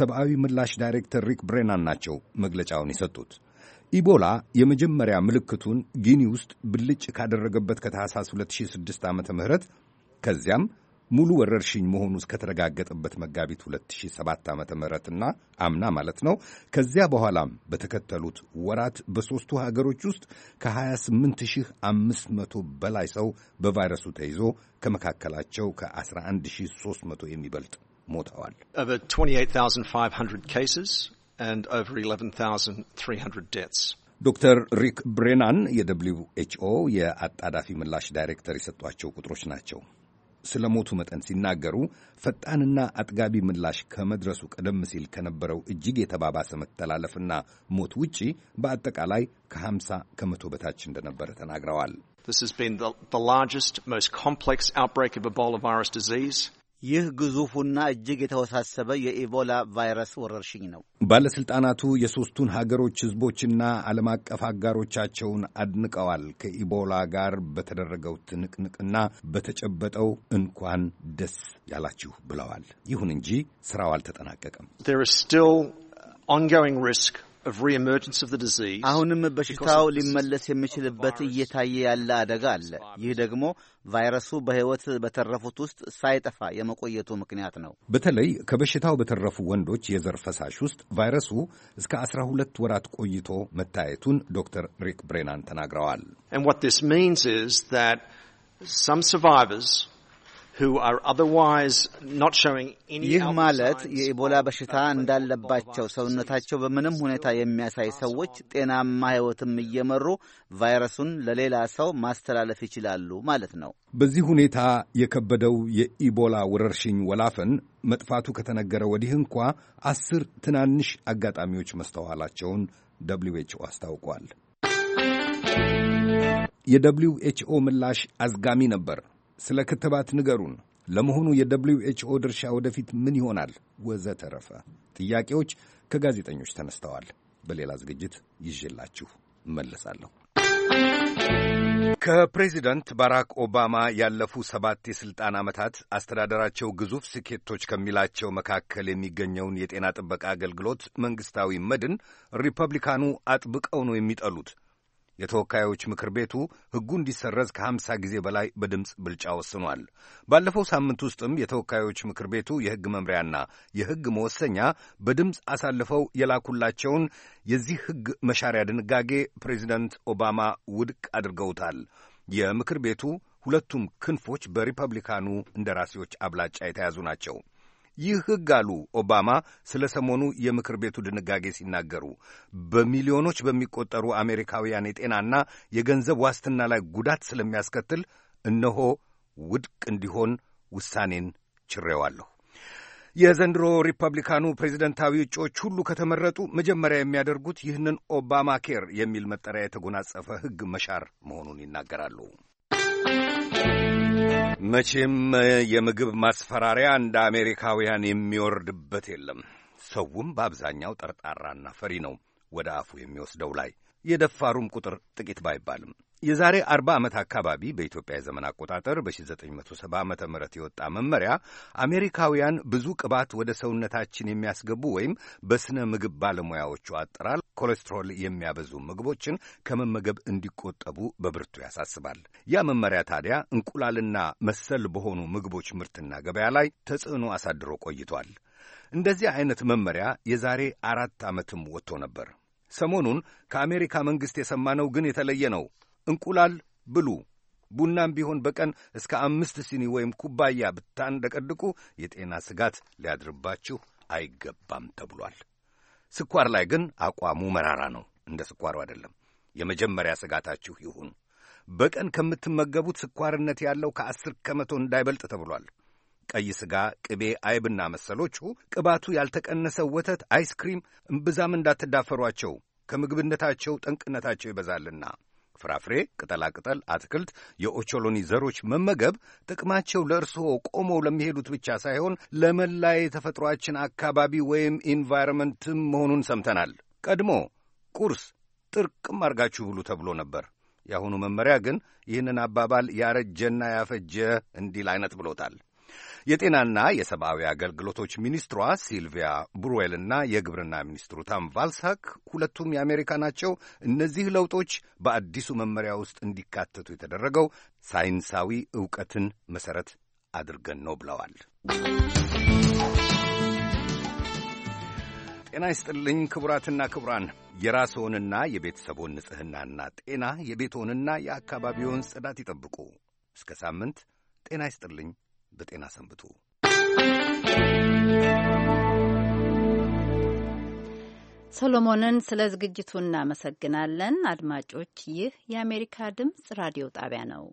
ሰብአዊ ምላሽ ዳይሬክተር ሪክ ብሬናን ናቸው መግለጫውን የሰጡት። ኢቦላ የመጀመሪያ ምልክቱን ጊኒ ውስጥ ብልጭ ካደረገበት ከታህሳስ 2006 ዓ ም ከዚያም ሙሉ ወረርሽኝ መሆኑ እስከተረጋገጠበት መጋቢት 2007 ዓ ምና አምና ማለት ነው። ከዚያ በኋላም በተከተሉት ወራት በሦስቱ ሀገሮች ውስጥ ከ28500 በላይ ሰው በቫይረሱ ተይዞ ከመካከላቸው ከ11300 የሚበልጥ ሞተዋል። ዶክተር ሪክ ብሬናን የደብሊው ኤችኦ የአጣዳፊ ምላሽ ዳይሬክተር የሰጧቸው ቁጥሮች ናቸው። ስለ ሞቱ መጠን ሲናገሩ ፈጣንና አጥጋቢ ምላሽ ከመድረሱ ቀደም ሲል ከነበረው እጅግ የተባባሰ መተላለፍና ሞት ውጪ በአጠቃላይ ከ50 ከመቶ በታች እንደነበረ ተናግረዋል። This has been the, the largest, most complex outbreak of Ebola virus disease. ይህ ግዙፉና እጅግ የተወሳሰበ የኢቦላ ቫይረስ ወረርሽኝ ነው። ባለሥልጣናቱ የሦስቱን ሀገሮች ሕዝቦችና ዓለም አቀፍ አጋሮቻቸውን አድንቀዋል። ከኢቦላ ጋር በተደረገው ትንቅንቅና በተጨበጠው እንኳን ደስ ያላችሁ ብለዋል። ይሁን እንጂ ሥራው አልተጠናቀቀም። አሁንም በሽታው ሊመለስ የሚችልበት እየታየ ያለ አደጋ አለ። ይህ ደግሞ ቫይረሱ በህይወት በተረፉት ውስጥ ሳይጠፋ የመቆየቱ ምክንያት ነው። በተለይ ከበሽታው በተረፉ ወንዶች የዘር ፈሳሽ ውስጥ ቫይረሱ እስከ 12 ወራት ቆይቶ መታየቱን ዶክተር ሪክ ብሬናን ተናግረዋል። ይህ ማለት የኢቦላ በሽታ እንዳለባቸው ሰውነታቸው በምንም ሁኔታ የሚያሳይ ሰዎች ጤናማ ሕይወትም እየመሩ ቫይረሱን ለሌላ ሰው ማስተላለፍ ይችላሉ ማለት ነው። በዚህ ሁኔታ የከበደው የኢቦላ ወረርሽኝ ወላፈን መጥፋቱ ከተነገረ ወዲህ እንኳ አስር ትናንሽ አጋጣሚዎች መስተዋላቸውን ደብሊው ኤች ኦ አስታውቋል። የደብሊው ኤች ኦ ምላሽ አዝጋሚ ነበር። ስለ ክትባት ንገሩን። ለመሆኑ የደብሊው ኤችኦ ድርሻ ወደፊት ምን ይሆናል? ወዘተረፈ ጥያቄዎች ከጋዜጠኞች ተነስተዋል። በሌላ ዝግጅት ይዤላችሁ እመለሳለሁ። ከፕሬዚደንት ባራክ ኦባማ ያለፉ ሰባት የሥልጣን ዓመታት አስተዳደራቸው ግዙፍ ስኬቶች ከሚላቸው መካከል የሚገኘውን የጤና ጥበቃ አገልግሎት መንግሥታዊ መድን ሪፐብሊካኑ አጥብቀው ነው የሚጠሉት። የተወካዮች ምክር ቤቱ ሕጉ እንዲሰረዝ ከሀምሳ ጊዜ በላይ በድምፅ ብልጫ ወስኗል። ባለፈው ሳምንት ውስጥም የተወካዮች ምክር ቤቱ የሕግ መምሪያና የሕግ መወሰኛ በድምፅ አሳልፈው የላኩላቸውን የዚህ ሕግ መሻሪያ ድንጋጌ ፕሬዚደንት ኦባማ ውድቅ አድርገውታል። የምክር ቤቱ ሁለቱም ክንፎች በሪፐብሊካኑ እንደራሴዎች አብላጫ የተያዙ ናቸው። ይህ ሕግ አሉ ኦባማ ስለ ሰሞኑ የምክር ቤቱ ድንጋጌ ሲናገሩ በሚሊዮኖች በሚቆጠሩ አሜሪካውያን የጤናና የገንዘብ ዋስትና ላይ ጉዳት ስለሚያስከትል እነሆ ውድቅ እንዲሆን ውሳኔን ችሬዋለሁ። የዘንድሮ ሪፐብሊካኑ ፕሬዚደንታዊ እጩዎች ሁሉ ከተመረጡ መጀመሪያ የሚያደርጉት ይህንን ኦባማ ኬር የሚል መጠሪያ የተጎናጸፈ ሕግ መሻር መሆኑን ይናገራሉ። መቼም የምግብ ማስፈራሪያ እንደ አሜሪካውያን የሚወርድበት የለም። ሰውም በአብዛኛው ጠርጣራና ፈሪ ነው ወደ አፉ የሚወስደው ላይ የደፋሩም ቁጥር ጥቂት ባይባልም የዛሬ አርባ ዓመት አካባቢ በኢትዮጵያ የዘመን አቆጣጠር በ1970 ዓ ም የወጣ መመሪያ አሜሪካውያን ብዙ ቅባት ወደ ሰውነታችን የሚያስገቡ ወይም በሥነ ምግብ ባለሙያዎቹ አጥራል። ኮሌስትሮል የሚያበዙ ምግቦችን ከመመገብ እንዲቆጠቡ በብርቱ ያሳስባል። ያ መመሪያ ታዲያ እንቁላልና መሰል በሆኑ ምግቦች ምርትና ገበያ ላይ ተጽዕኖ አሳድሮ ቆይቷል። እንደዚህ አይነት መመሪያ የዛሬ አራት ዓመትም ወጥቶ ነበር። ሰሞኑን ከአሜሪካ መንግሥት የሰማነው ግን የተለየ ነው። እንቁላል ብሉ፣ ቡናም ቢሆን በቀን እስከ አምስት ሲኒ ወይም ኩባያ ብታንደቀድቁ የጤና ስጋት ሊያድርባችሁ አይገባም ተብሏል። ስኳር ላይ ግን አቋሙ መራራ ነው። እንደ ስኳሩ አይደለም። የመጀመሪያ ስጋታችሁ ይሁን። በቀን ከምትመገቡት ስኳርነት ያለው ከአስር ከመቶ እንዳይበልጥ ተብሏል። ቀይ ሥጋ፣ ቅቤ፣ አይብና መሰሎቹ፣ ቅባቱ ያልተቀነሰ ወተት፣ አይስክሪም እምብዛም እንዳትዳፈሯቸው። ከምግብነታቸው ጠንቅነታቸው ይበዛልና ፍራፍሬ፣ ቅጠላቅጠል፣ አትክልት፣ የኦቾሎኒ ዘሮች መመገብ ጥቅማቸው ለእርስዎ ቆመው ለሚሄዱት ብቻ ሳይሆን ለመላ የተፈጥሯችን አካባቢ ወይም ኢንቫይሮንመንትም መሆኑን ሰምተናል። ቀድሞ ቁርስ ጥርቅም አርጋችሁ ብሉ ተብሎ ነበር። የአሁኑ መመሪያ ግን ይህንን አባባል ያረጀና ያፈጀ እንዲል አይነት ብሎታል። የጤናና የሰብአዊ አገልግሎቶች ሚኒስትሯ ሲልቪያ እና የግብርና ሚኒስትሩ ታም ቫልሳክ ሁለቱም የአሜሪካ ናቸው። እነዚህ ለውጦች በአዲሱ መመሪያ ውስጥ እንዲካተቱ የተደረገው ሳይንሳዊ እውቀትን መሠረት አድርገን ነው ብለዋል። ጤና ይስጥልኝ ክቡራትና ክቡራን፣ የራስዎንና የቤተሰቦን ንጽሕናና ጤና የቤትዎንና የአካባቢውን ጽዳት ይጠብቁ። እስከ ሳምንት ጤና ይስጥልኝ። በጤና ሰንብቱ። ሰሎሞንን ስለ ዝግጅቱ እናመሰግናለን። አድማጮች፣ ይህ የአሜሪካ ድምፅ ራዲዮ ጣቢያ ነው።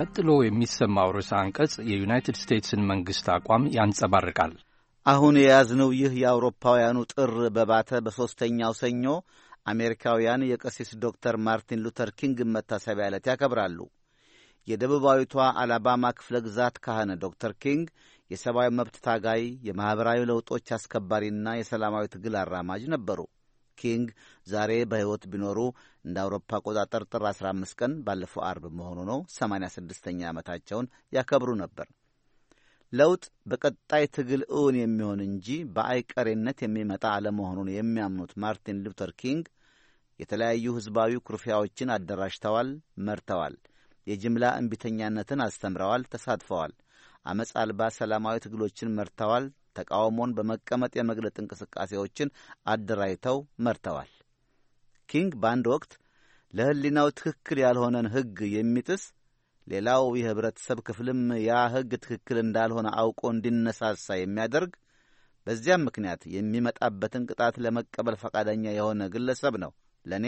ቀጥሎ የሚሰማው ርዕሰ አንቀጽ የዩናይትድ ስቴትስን መንግሥት አቋም ያንጸባርቃል። አሁን የያዝነው ይህ የአውሮፓውያኑ ጥር በባተ በሦስተኛው ሰኞ አሜሪካውያን የቀሲስ ዶክተር ማርቲን ሉተር ኪንግን መታሰቢያ ዕለት ያከብራሉ። የደቡባዊቷ አላባማ ክፍለ ግዛት ካህነ ዶክተር ኪንግ የሰብአዊ መብት ታጋይ፣ የማኅበራዊ ለውጦች አስከባሪና የሰላማዊ ትግል አራማጅ ነበሩ። ኪንግ ዛሬ በሕይወት ቢኖሩ እንደ አውሮፓ አቆጣጠር ጥር 15 ቀን ባለፈው አርብ መሆኑ ነው 86ኛ ዓመታቸውን ያከብሩ ነበር። ለውጥ በቀጣይ ትግል እውን የሚሆን እንጂ በአይቀሬነት የሚመጣ አለመሆኑን የሚያምኑት ማርቲን ሉተር ኪንግ የተለያዩ ሕዝባዊ ኩርፊያዎችን አደራጅተዋል፣ መርተዋል፣ የጅምላ እምቢተኛነትን አስተምረዋል፣ ተሳትፈዋል፣ አመፅ አልባ ሰላማዊ ትግሎችን መርተዋል፣ ተቃውሞን በመቀመጥ የመግለጥ እንቅስቃሴዎችን አደራጅተው መርተዋል። ኪንግ በአንድ ወቅት ለሕሊናው ትክክል ያልሆነን ሕግ የሚጥስ ሌላው የህብረተሰብ ክፍልም ያ ሕግ ትክክል እንዳልሆነ አውቆ እንዲነሳሳ የሚያደርግ በዚያም ምክንያት የሚመጣበትን ቅጣት ለመቀበል ፈቃደኛ የሆነ ግለሰብ ነው ለእኔ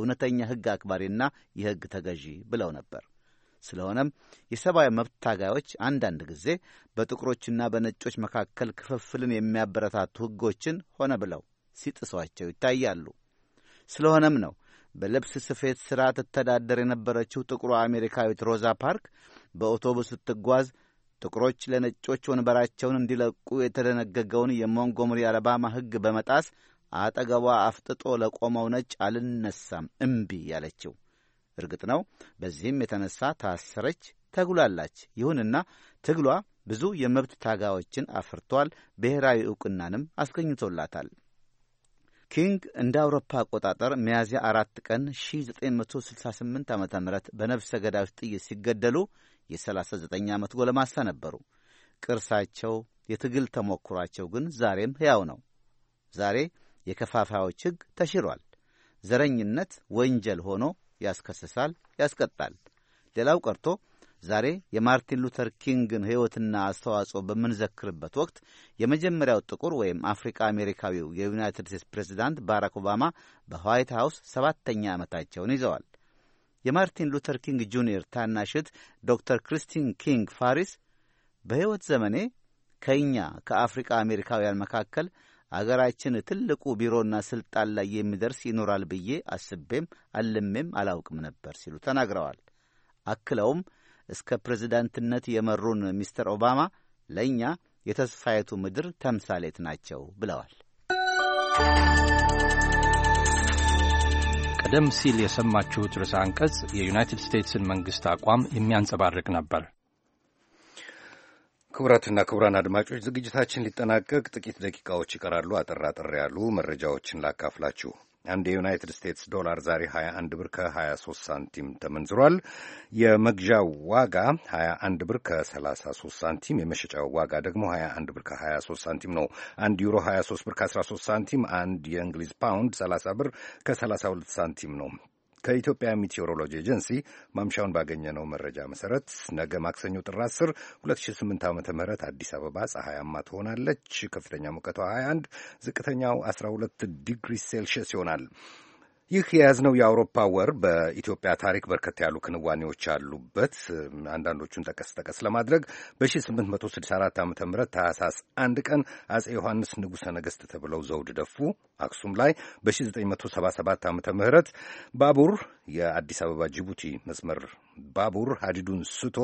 እውነተኛ ሕግ አክባሪና የሕግ ተገዢ ብለው ነበር። ስለሆነም የሰብአዊ መብት ታጋዮች አንዳንድ ጊዜ በጥቁሮችና በነጮች መካከል ክፍፍልን የሚያበረታቱ ሕጎችን ሆነ ብለው ሲጥሷቸው ይታያሉ። ስለሆነም ነው በልብስ ስፌት ሥራ ትተዳደር የነበረችው ጥቁሯ አሜሪካዊት ሮዛ ፓርክ በአውቶቡስ ስትጓዝ ጥቁሮች ለነጮች ወንበራቸውን እንዲለቁ የተደነገገውን የሞንጎመሪ አለባማ ሕግ በመጣስ አጠገቧ አፍጥጦ ለቆመው ነጭ አልነሳም እምቢ ያለችው። እርግጥ ነው በዚህም የተነሳ ታሰረች፣ ተጉላላች። ይሁንና ትግሏ ብዙ የመብት ታጋዮችን አፍርቷል፣ ብሔራዊ ዕውቅናንም አስገኝቶላታል። ኪንግ እንደ አውሮፓ አቆጣጠር ሚያዝያ አራት ቀን 1968 ዓ ም በነፍሰ ገዳዮች ጥይት ሲገደሉ የ39 ዓመት ጎለማሳ ነበሩ። ቅርሳቸው፣ የትግል ተሞክሯቸው ግን ዛሬም ሕያው ነው። ዛሬ የከፋፋዮች ሕግ ተሽሯል። ዘረኝነት ወንጀል ሆኖ ያስከስሳል፣ ያስቀጣል። ሌላው ቀርቶ ዛሬ የማርቲን ሉተር ኪንግን ሕይወትና አስተዋጽኦ በምንዘክርበት ወቅት የመጀመሪያው ጥቁር ወይም አፍሪካ አሜሪካዊው የዩናይትድ ስቴትስ ፕሬዚዳንት ባራክ ኦባማ በዋይት ሀውስ ሰባተኛ ዓመታቸውን ይዘዋል። የማርቲን ሉተር ኪንግ ጁኒየር ታናሽት ዶክተር ክሪስቲን ኪንግ ፋሪስ በሕይወት ዘመኔ ከእኛ ከአፍሪቃ አሜሪካውያን መካከል አገራችን ትልቁ ቢሮና ስልጣን ላይ የሚደርስ ይኖራል ብዬ አስቤም አልሜም አላውቅም ነበር ሲሉ ተናግረዋል። አክለውም እስከ ፕሬዚዳንትነት የመሩን ሚስተር ኦባማ ለእኛ የተስፋይቱ ምድር ተምሳሌት ናቸው ብለዋል። ቀደም ሲል የሰማችሁት ርዕሰ አንቀጽ የዩናይትድ ስቴትስን መንግሥት አቋም የሚያንጸባርቅ ነበር። ክቡራትና ክቡራን አድማጮች ዝግጅታችን ሊጠናቀቅ ጥቂት ደቂቃዎች ይቀራሉ። አጠር አጠር ያሉ መረጃዎችን ላካፍላችሁ። አንድ የዩናይትድ ስቴትስ ዶላር ዛሬ 21 ብር ከ23 ሳንቲም ተመንዝሯል። የመግዣው ዋጋ 21 ብር ከ33 ሳንቲም፣ የመሸጫው ዋጋ ደግሞ 21 ብር ከ23 ሳንቲም ነው። አንድ ዩሮ 23 ብር ከ13 ሳንቲም፣ አንድ የእንግሊዝ ፓውንድ 30 ብር ከ32 ሳንቲም ነው። ከኢትዮጵያ ሚቴዎሮሎጂ ኤጀንሲ ማምሻውን ባገኘነው መረጃ መሰረት ነገ ማክሰኞ ጥር 10 2008 ዓ ም አዲስ አበባ ፀሐያማ ትሆናለች። ከፍተኛ ሙቀቷ 21፣ ዝቅተኛው 12 ዲግሪ ሴልሽየስ ይሆናል። ይህ የያዝነው የአውሮፓ ወር በኢትዮጵያ ታሪክ በርከት ያሉ ክንዋኔዎች ያሉበት አንዳንዶቹን ጠቀስ ጠቀስ ለማድረግ በ1864 ዓ ም ታህሳስ አንድ ቀን አጼ ዮሐንስ ንጉሠ ነገሥት ተብለው ዘውድ ደፉ። አክሱም ላይ በ977 ዓ ም ባቡር የአዲስ አበባ ጅቡቲ መስመር ባቡር ሀዲዱን ስቶ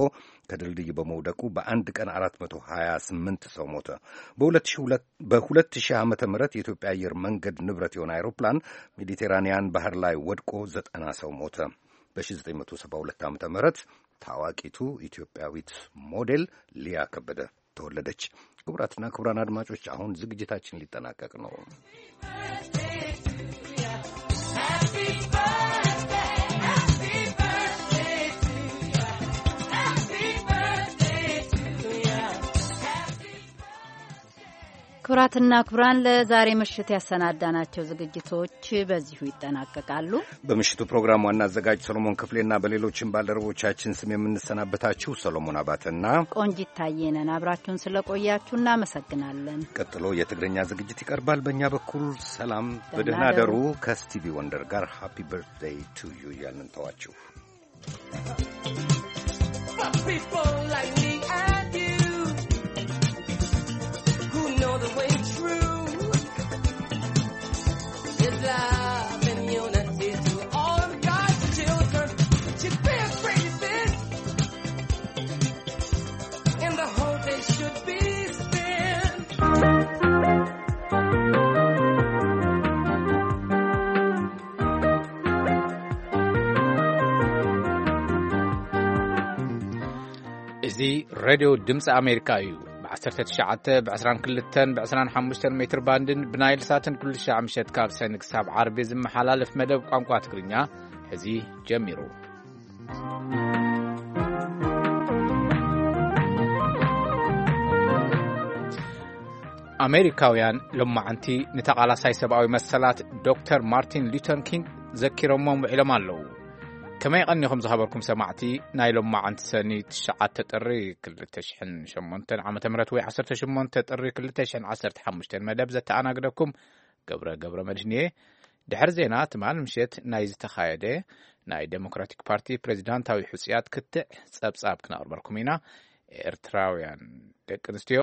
ከድልድይ በመውደቁ በአንድ ቀን 428 ሰው ሞተ። በ2000 ዓ ም የኢትዮጵያ አየር መንገድ ንብረት የሆነ አይሮፕላን ሜዲቴራንያን ባህር ላይ ወድቆ 90 ሰው ሞተ። በ1972 ዓ ም ታዋቂቱ ኢትዮጵያዊት ሞዴል ሊያ ከበደ ተወለደች። ክቡራትና ክቡራን አድማጮች አሁን ዝግጅታችን ሊጠናቀቅ ነው። ክቡራትና ክቡራን ለዛሬ ምሽት ያሰናዳናቸው ዝግጅቶች በዚሁ ይጠናቀቃሉ። በምሽቱ ፕሮግራም ዋና አዘጋጅ ሰሎሞን ክፍሌና በሌሎችም ባልደረቦቻችን ስም የምንሰናበታችሁ ሰሎሞን አባተና ቆንጂት ታየነን አብራችሁን ስለቆያችሁ እናመሰግናለን። ቀጥሎ የትግርኛ ዝግጅት ይቀርባል። በእኛ በኩል ሰላም፣ በደህና ደሩ። ከስቲቪ ወንደር ጋር ሃፒ በርትዴይ ቱ ዩ እያልን ተዋችሁ። እዙ ሬድዮ ድምፂ ኣሜሪካ እዩ ብ 1922 ብ22 25 ሜትር ባንድን ብናይል ሳትን 205 ካብ ሰኒ ክሳብ ዓርቢ ዝመሓላለፍ መደብ ቋንቋ ትግርኛ ሕዚ ጀሚሩ ኣሜሪካውያን ሎማዓንቲ ንተቓላሳይ ሰብኣዊ መሰላት ዶክተር ማርቲን ሉተር ኪንግ ዘኪሮሞም ውዒሎም ኣለዉ ከመይ ቀኒኹም ዝሃበርኩም ሰማዕቲ ናይ ሎማ ዓንቲ ሰኒት 9 ጥሪ 208 ዓ ም ወይ 18 ጥሪ 215 መደብ ዘተኣናግደኩም ገብረ ገብረ መድህን እየ ድሕሪ ዜና ትማል ምሸት ናይ ዝተኻየደ ናይ ዴሞክራቲክ ፓርቲ ፕሬዚዳንታዊ ሕፅያት ክትዕ ጸብጻብ ክነቕርበልኩም ኢና ኤርትራውያን ደቂ ኣንስትዮ